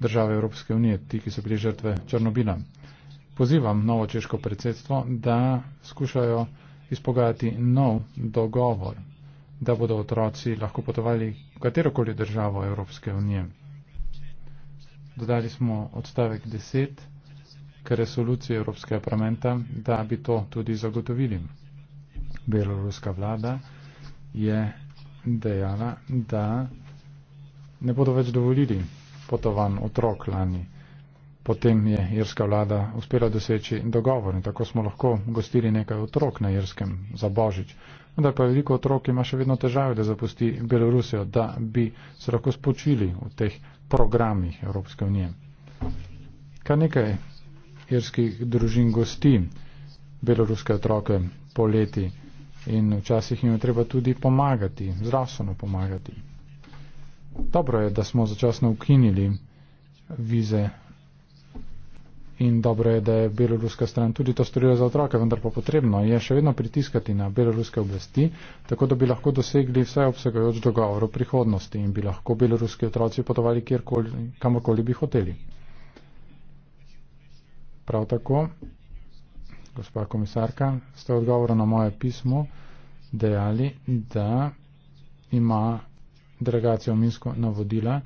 A: države Evropske unije, ti, ki so bili žrtve Črnobila. Pozivam novo češko predsedstvo, da skušajo izpogajati nov dogovor, da bodo otroci lahko potovali v katerokoli državo Evropske unije dodali smo odstavek 10 k resoluciji Evropskega parlamenta, da bi to tudi zagotovili. Beloruska vlada je dejala, da ne bodo več dovolili potovan otrok lani potem je irska vlada uspela doseči dogovor in tako smo lahko gostili nekaj otrok na irskem za božič. Vendar pa veliko otrok ima še vedno težave, da zapusti Belorusijo, da bi se lahko spočili v teh programih Evropske unije. Kar nekaj irskih družin gosti beloruske otroke po leti in včasih jim je treba tudi pomagati, zdravstveno pomagati. Dobro je, da smo začasno ukinili vize in dobro je, da je beloruska stran tudi to storila za otroke, vendar pa potrebno je še vedno pritiskati na beloruske oblasti, tako da bi lahko dosegli vse obsegajoč dogovor o prihodnosti in bi lahko beloruski otroci potovali kjerkoli, kamorkoli bi hoteli. Prav tako, gospa komisarka, ste odgovor na moje pismo dejali, da ima delegacija v Minsko navodila,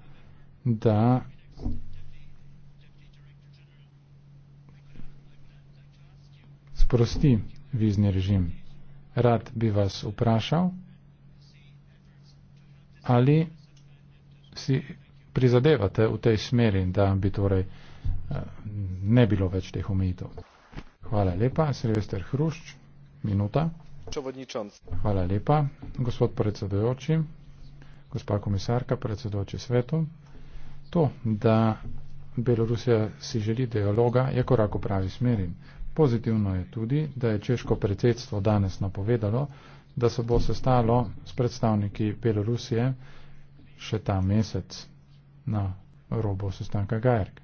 A: da sprosti vizni režim. Rad bi vas vprašal, ali si prizadevate v tej smeri, da bi torej eh, ne bilo več teh omejitev. Hvala lepa, Silvester Hrušč, minuta. Hvala lepa, gospod predsedojoči, gospa komisarka, predsedojoči svetu. To, da Belorusija si želi dialoga, je korak v pravi smeri. Pozitivno je tudi, da je češko predsedstvo danes napovedalo, da se bo sestalo s predstavniki Belorusije še ta mesec na robo sestanka Gajerk.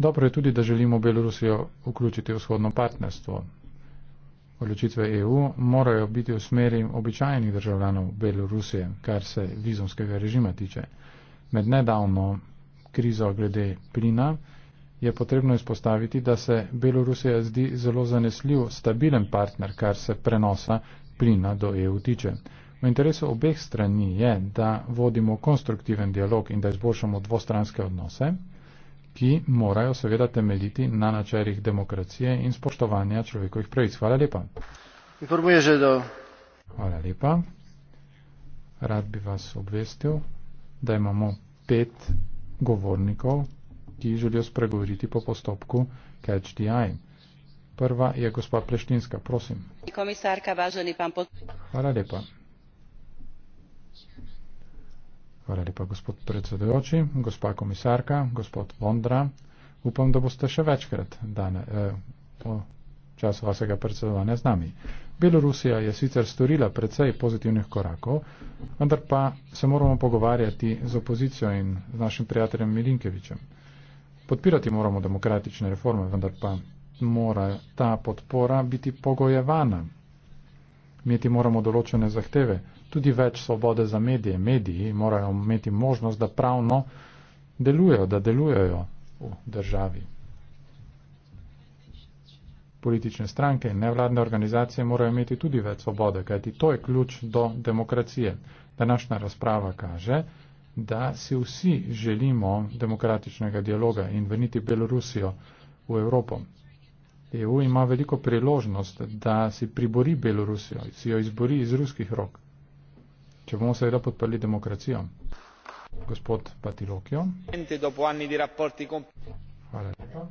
A: Dobro je tudi, da želimo Belorusijo vključiti v vzhodno partnerstvo. Odločitve EU morajo biti v smeri običajnih državljanov Belorusije, kar se vizumskega režima tiče. Med nedavno krizo glede plina je potrebno izpostaviti, da se Belorusija zdi zelo zanesljiv, stabilen partner, kar se prenosa plina do EU tiče. V interesu obeh strani je, da vodimo konstruktiven dialog in da izboljšamo dvostranske odnose, ki morajo seveda temeljiti na načelih demokracije in spoštovanja človekovih pravic. Hvala lepa. Hvala lepa. Rad bi vas obvestil, da imamo pet govornikov ki želijo spregovoriti po postopku Catch the Eye. Prva je gospa Pleštinska, prosim. Hvala lepa. Hvala lepa, gospod predsedujoči, gospa komisarka, gospod Vondra. Upam, da boste še večkrat dane, eh, po času vašega predsedovanja z nami. Belorusija je sicer storila precej pozitivnih korakov, vendar pa se moramo pogovarjati z opozicijo in z našim prijateljem Milinkevičem. Podpirati moramo demokratične reforme, vendar pa mora ta podpora biti pogojevana. Imeti moramo določene zahteve, tudi več svobode za medije. Mediji morajo imeti možnost, da pravno delujejo, da delujejo v državi. Politične stranke in nevladne organizacije morajo imeti tudi več svobode, kajti to je ključ do demokracije. Današnja razprava kaže, da si vsi želimo demokratičnega dialoga in vrniti Belorusijo v Evropo. EU ima veliko priložnost, da si pribori Belorusijo, si jo izbori iz ruskih rok, če bomo seveda podprli demokracijo. Gospod Patilokijo. Hvala lepa.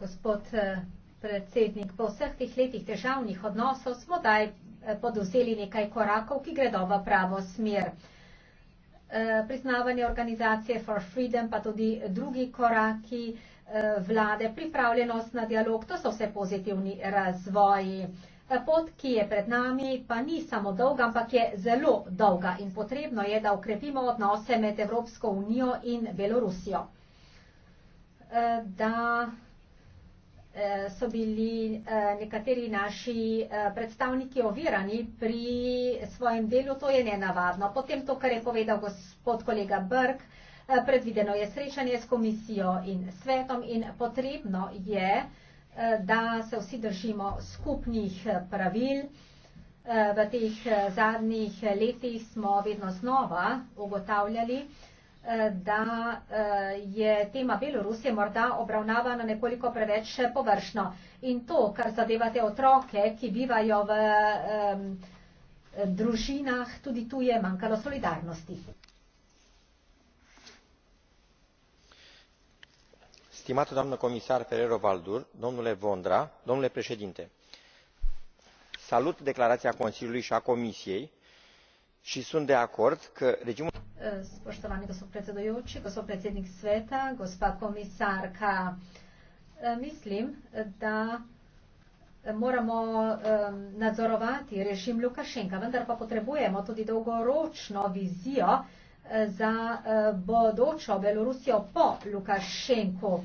C: Gospod eh, predsednik, po vseh teh letih težavnih odnosov smo daj eh, podoseli nekaj korakov, ki gredo v pravo smer. Eh, priznavanje organizacije For Freedom, pa tudi drugi koraki eh, vlade, pripravljenost na dialog, to so vse pozitivni razvoji. Eh, pot, ki je pred nami, pa ni samo dolga, ampak je zelo dolga in potrebno je, da ukrepimo odnose med Evropsko unijo in Belorusijo. Da Eh, so bili eh, nekateri naši eh, predstavniki ovirani pri svojem delu, to je nenavadno. Potem to, kar je povedal gospod kolega Brg, predvideno je srečanje s komisijo in svetom in potrebno je, da se vsi držimo skupnih pravil. V teh zadnjih letih smo vedno znova ugotavljali, da eh, je tema Belorusije morda obravnavana nekoliko preveč površno. In to, kar zadeva te otroke, ki bivajo v um, družinah, tudi tu je manjkalo solidarnosti. Stimată doamnă comisar Ferrero Valdur, domnule Vondra, domnule președinte,
B: salut declarația Consiliului și a Comisiei și sunt de acord că regimul.
C: Eh, spoštovani gospod predsedujoči, gospod predsednik sveta, gospa komisarka, eh, mislim, da eh, moramo nadzorovati režim Lukašenka, vendar pa potrebujemo tudi dolgoročno vizijo za bodočo Belorusijo po Lukašenku.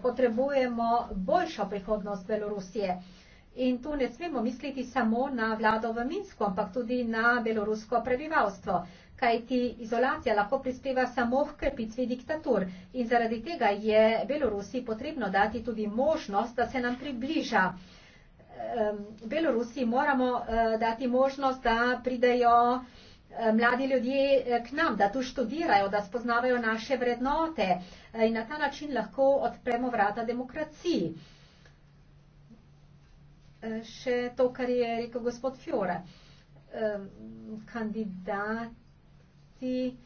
C: Potrebujemo boljšo prihodnost Belorusije. In tu ne smemo misliti samo na vlado v Minsku, ampak tudi na belorusko prebivalstvo, kajti izolacija lahko prispeva samo v krepitvi diktatur. In zaradi tega je Belorusi potrebno dati tudi možnost, da se nam približa. Belorusi moramo e, dati možnost, da pridejo e, mladi ljudje e, k nam, da tu študirajo, da spoznavajo naše vrednote in na ta način lahko odpremo vrata demokraciji še to, kar je rekel gospod Fjore. Kandidati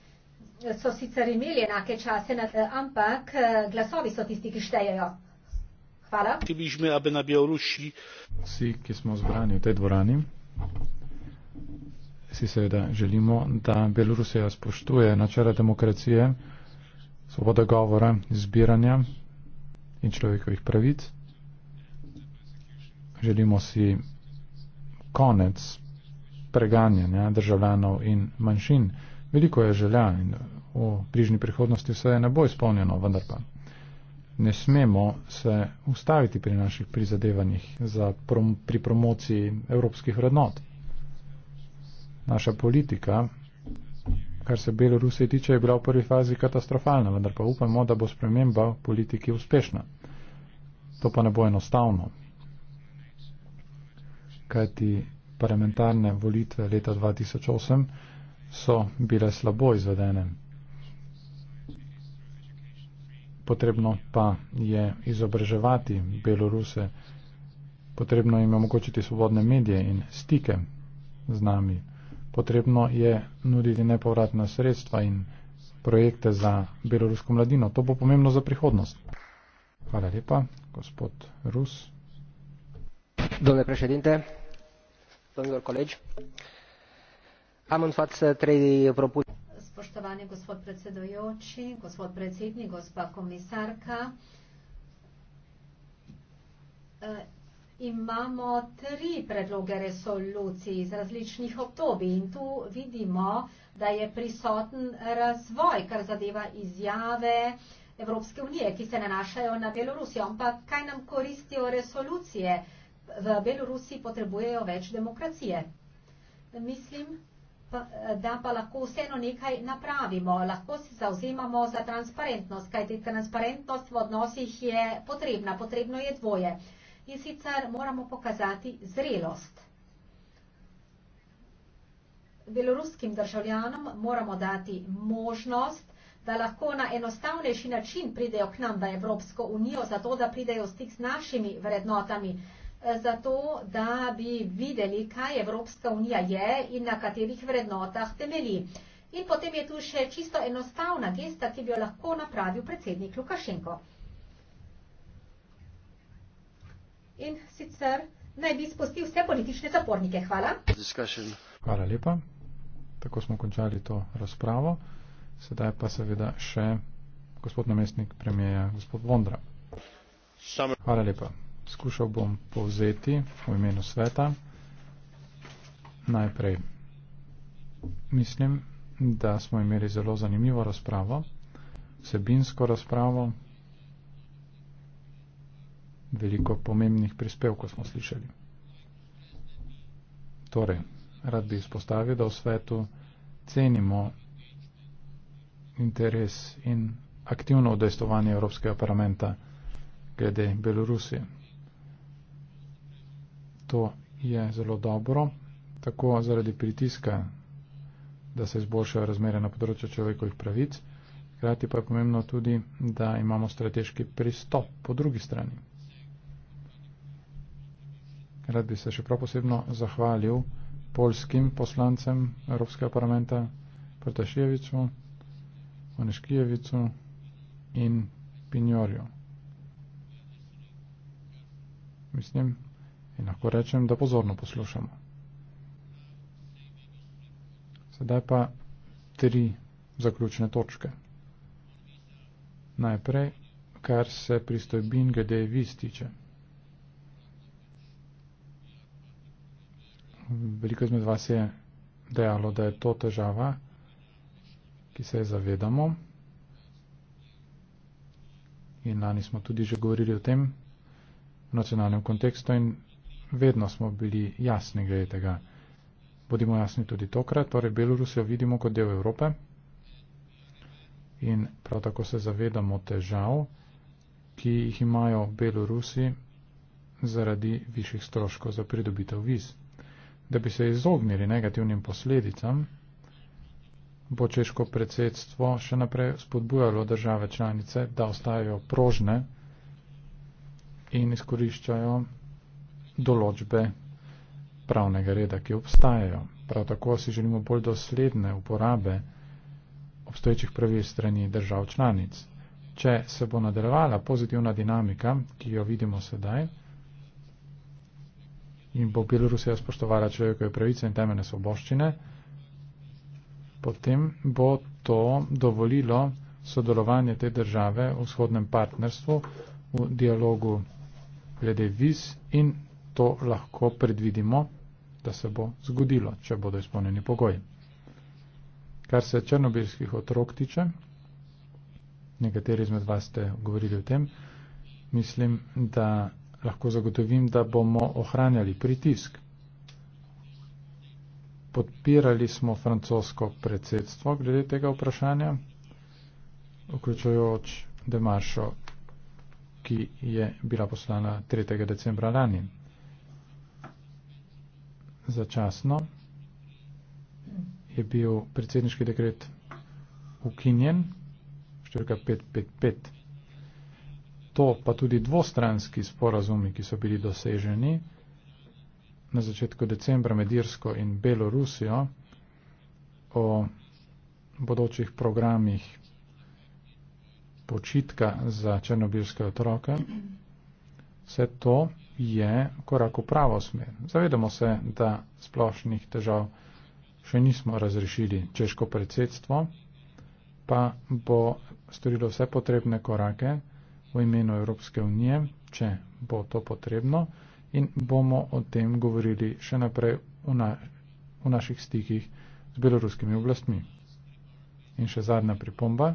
C: so sicer imeli enake čase, ampak eh, glasovi so tisti, ki štejejo. Hvala.
A: Vsi, ki smo zbrani v tej dvorani, si seveda želimo, da Belorusija spoštuje načela demokracije, svoboda govora, izbiranja in človekovih pravic želimo si konec preganjanja državljanov in manjšin. Veliko je želja in v bližnji prihodnosti vse ne bo izpolnjeno, vendar pa ne smemo se ustaviti pri naših prizadevanjih za prom pri promociji evropskih vrednot. Naša politika, kar se Belorusije tiče, je bila v prvi fazi katastrofalna, vendar pa upamo, da bo sprememba politiki uspešna. To pa ne bo enostavno, kajti parlamentarne volitve leta 2008 so bile slabo izvedene. Potrebno pa je izobraževati Beloruse, potrebno jim omogočiti svobodne medije in stike z nami, potrebno je nuditi nepovratna sredstva in projekte za belorusko mladino. To bo pomembno za prihodnost. Hvala lepa, gospod Rus
B: domnule președinte domnilor colegi am în față trei propuneri
C: Spoštovani gospod predsedujoči, gospod predsednik, gospa komisarka, e, imamo tri predloge resolucij iz različnih obdobij in tu vidimo, da je prisoten razvoj, kar zadeva izjave Evropske unije, ki se nanašajo na Belorusijo. Ampak kaj nam koristijo resolucije? v Belorusiji potrebujejo več demokracije. Mislim, da pa lahko vseeno nekaj napravimo, lahko se zauzemamo za transparentnost, kajti transparentnost v odnosih je potrebna, potrebno je dvoje. In sicer moramo pokazati zrelost. Beloruskim državljanom moramo dati možnost, da lahko na enostavnejši način pridejo k nam v Evropsko unijo, zato da pridejo v stik s našimi vrednotami zato, da bi videli, kaj Evropska unija je in na katerih vrednotah temeli. In potem je tu še čisto enostavna gesta, ki bi jo lahko napravil predsednik Lukašenko. In sicer naj bi spustil vse politične zapornike. Hvala.
A: Hvala lepa. Tako smo končali to razpravo. Sedaj pa seveda še gospod namestnik premijeja, gospod Vondra. Hvala lepa skušal bom povzeti v imenu sveta. Najprej mislim, da smo imeli zelo zanimivo razpravo, vsebinsko razpravo. Veliko pomembnih prispevkov smo slišali. Torej, rad bi izpostavil, da v svetu cenimo interes in aktivno udejstovanje Evropskega parlamenta glede Belorusije to je zelo dobro, tako zaradi pritiska, da se izboljšajo razmere na področju človekovih pravic, hkrati pa je pomembno tudi, da imamo strateški pristop po drugi strani. Rad bi se še prav posebno zahvalil polskim poslancem Evropskega parlamenta Prtaševicu, Oneškijevicu in Pinjorju. Mislim, In lahko rečem, da pozorno poslušamo. Sedaj pa tri zaključne točke. Najprej, kar se pristojbin glede viz tiče. Veliko izmed vas je dejalo, da je to težava, ki se je zavedamo. In lani smo tudi že govorili o tem v nacionalnem kontekstu in vedno smo bili jasni glede tega. Bodimo jasni tudi tokrat, torej Belorusijo vidimo kot del Evrope in prav tako se zavedamo težav, ki jih imajo Belorusi zaradi višjih stroškov za pridobitev viz. Da bi se izognili negativnim posledicam, bo češko predsedstvo še naprej spodbujalo države članice, da ostajajo prožne in izkoriščajo določbe pravnega reda, ki obstajajo. Prav tako si želimo bolj dosledne uporabe obstoječih pravil strani držav članic. Če se bo nadaljevala pozitivna dinamika, ki jo vidimo sedaj, in bo Belorusija spoštovala človekove pravice in temeljne svoboščine, potem bo to dovolilo sodelovanje te države v vzhodnem partnerstvu v dialogu glede viz in to lahko predvidimo, da se bo zgodilo, če bodo izpolnjeni pogoji. Kar se črnobirskih otrok tiče, nekateri izmed vas ste govorili o tem, mislim, da lahko zagotovim, da bomo ohranjali pritisk. Podpirali smo francosko predsedstvo glede tega vprašanja, vključujoč Demaršo, ki je bila poslana 3. decembra lani začasno, je bil predsedniški dekret ukinjen, številka 555. To pa tudi dvostranski sporazumi, ki so bili doseženi na začetku decembra med Irsko in Belorusijo o bodočih programih počitka za črnobilske otroke. Vse to je korak v pravo smer. Zavedamo se, da splošnih težav še nismo razrešili. Češko predsedstvo pa bo storilo vse potrebne korake v imenu Evropske unije, če bo to potrebno in bomo o tem govorili še naprej v, na, v naših stikih z beloruskimi oblastmi. In še zadnja pripomba.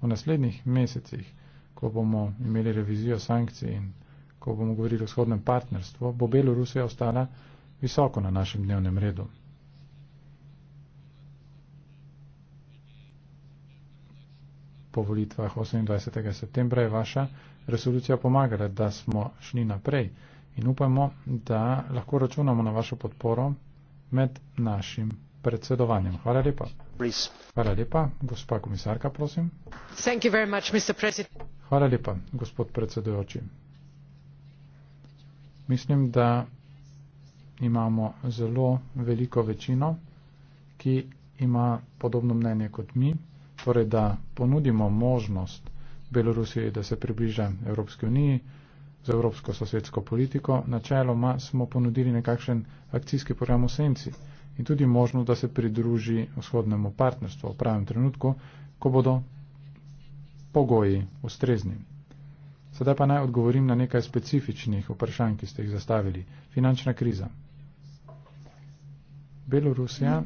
A: V naslednjih mesecih ko bomo imeli revizijo sankcij in ko bomo govorili o shodnem partnerstvu, bo Belorusija ostala visoko na našem dnevnem redu. Po volitvah 28. septembra je vaša resolucija pomagala, da smo šli naprej in upamo, da lahko računamo na vašo podporo med našim predsedovanjem. Hvala lepa. Hvala lepa, gospa komisarka, prosim.
C: Thank you very much,
A: Mr. President. Hvala lepa, gospod predsedujoči. Mislim, da imamo zelo veliko večino, ki ima podobno mnenje kot mi, torej da ponudimo možnost Belorusiji, da se približa Evropski uniji z evropsko sosedsko politiko. Načeloma smo ponudili nekakšen akcijski program v senci in tudi možnost, da se pridruži vzhodnemu partnerstvu v pravem trenutku, ko bodo pogoji ustrezni. Sedaj pa naj odgovorim na nekaj specifičnih vprašanj, ki ste jih zastavili. Finančna kriza. Belorusija.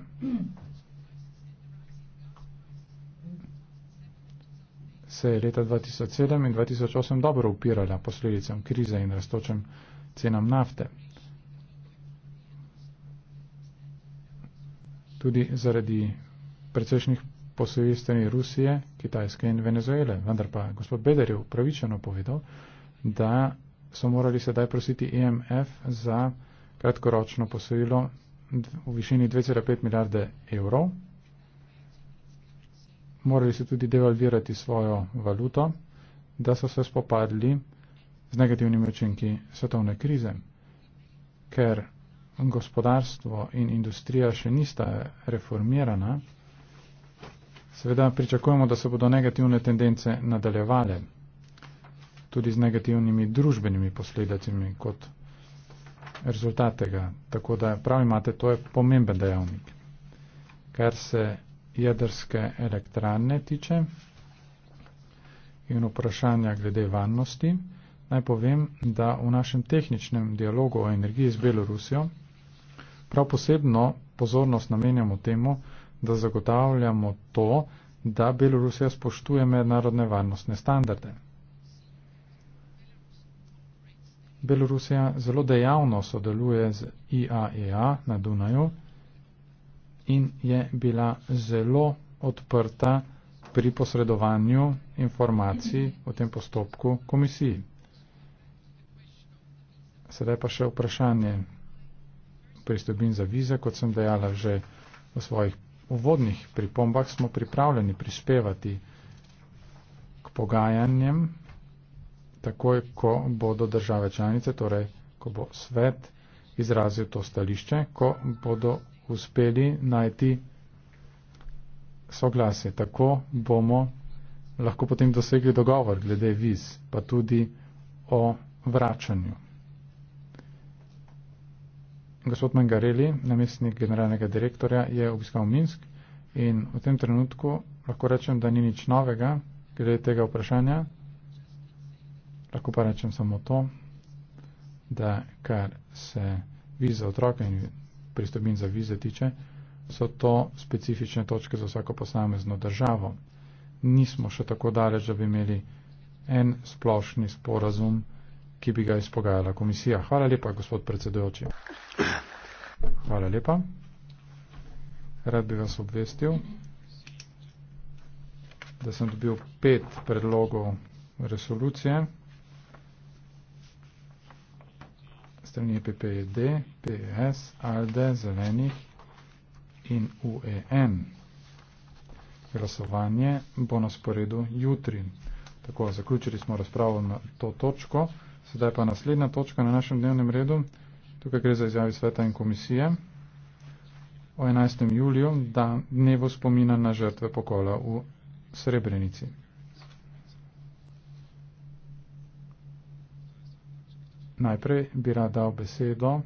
A: se je leta 2007 in 2008 dobro upirala posledicam krize in raztočem cenam nafte. Tudi zaradi precejšnjih posojilstveni Rusije, Kitajske in Venezuele. Vendar pa gospod Beder je upravičeno povedal, da so morali sedaj prositi IMF e za kratkoročno posojilo v višini 2,5 milijarde evrov. Morali so tudi devalvirati svojo valuto, da so se spopadli z negativnimi učinki svetovne krize, ker gospodarstvo in industrija še nista reformirana. Seveda pričakujemo, da se bodo negativne tendence nadaljevale tudi z negativnimi družbenimi posledicami kot rezultat tega. Tako da prav imate, to je pomemben dejavnik. Kar se jedrske elektrarne tiče in vprašanja glede varnosti, naj povem, da v našem tehničnem dialogu o energiji z Belorusijo prav posebno pozornost namenjamo temu, da zagotavljamo to, da Belorusija spoštuje mednarodne varnostne standarde. Belorusija zelo dejavno sodeluje z IAEA e na Dunaju in je bila zelo odprta pri posredovanju informacij o tem postopku komisiji. Sedaj pa še vprašanje pristopin za vize, kot sem dejala že v svojih uvodnih pripombah smo pripravljeni prispevati k pogajanjem, takoj ko bodo države članice, torej ko bo svet izrazil to stališče, ko bodo uspeli najti soglasje. Tako bomo lahko potem dosegli dogovor glede viz, pa tudi o vračanju gospod Mangareli, namestnik generalnega direktorja, je obiskal Minsk in v tem trenutku lahko rečem, da ni nič novega glede tega vprašanja. Lahko pa rečem samo to, da kar se viz za otroke in pristopin za vize tiče, so to specifične točke za vsako posamezno državo. Nismo še tako daleč, da bi imeli en splošni sporazum ki bi ga izpogajala komisija. Hvala lepa, gospod predsedujoči. Hvala lepa. Rad bi vas obvestil, da sem dobil pet predlogov resolucije strani e PPED, PS, e ALDE, Zelenih in UEN. Glasovanje bo na sporedu jutri. Tako, zaključili smo razpravo na to točko. Sedaj pa naslednja točka na našem dnevnem redu. Tukaj gre za izjavi sveta in komisije o 11. juliju, da dnevo spomina na žrtve pokola v Srebrenici. Najprej bi rad dal besedo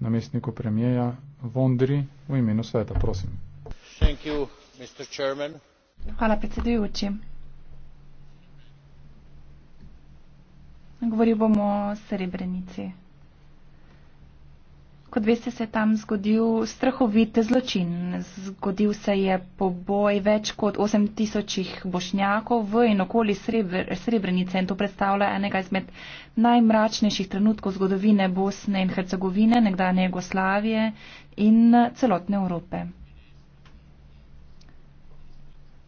A: namestniku premijeja Vondri v imenu sveta. Prosim.
B: Hvala predsedujoči. Govoril bom o Srebrenici. Kot veste, se je tam zgodil strahovit zločin. Zgodil se je poboj več kot 8000 bošnjakov v in okoli Srebr Srebrenice in to predstavlja enega izmed najmračnejših trenutkov zgodovine Bosne in Hercegovine, nekdanje Jugoslavije in celotne Evrope.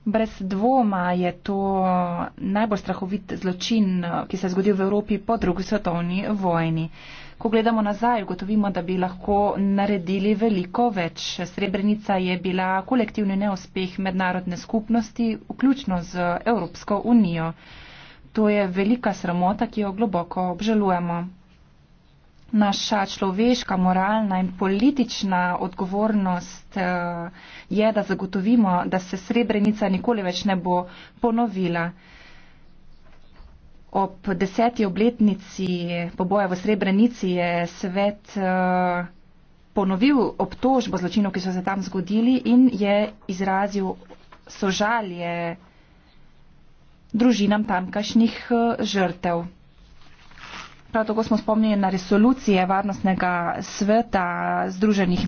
B: Brez dvoma je to najbolj strahovit zločin, ki se je zgodil v Evropi po drugi svetovni vojni. Ko gledamo nazaj, ugotovimo, da bi lahko naredili veliko več. Srebrenica je bila kolektivni neuspeh mednarodne skupnosti, vključno z Evropsko unijo. To je velika sramota, ki jo globoko obžalujemo. Naša človeška, moralna in politična odgovornost eh, je, da zagotovimo, da se Srebrenica nikoli več ne bo ponovila. Ob deseti obletnici poboja v Srebrenici je svet eh, ponovil obtožbo zločinov, ki so se tam zgodili in je izrazil sožalje družinam tamkajšnjih eh, žrtev prav tako smo spomnjeni na resolucije varnostnega sveta združenih narodov.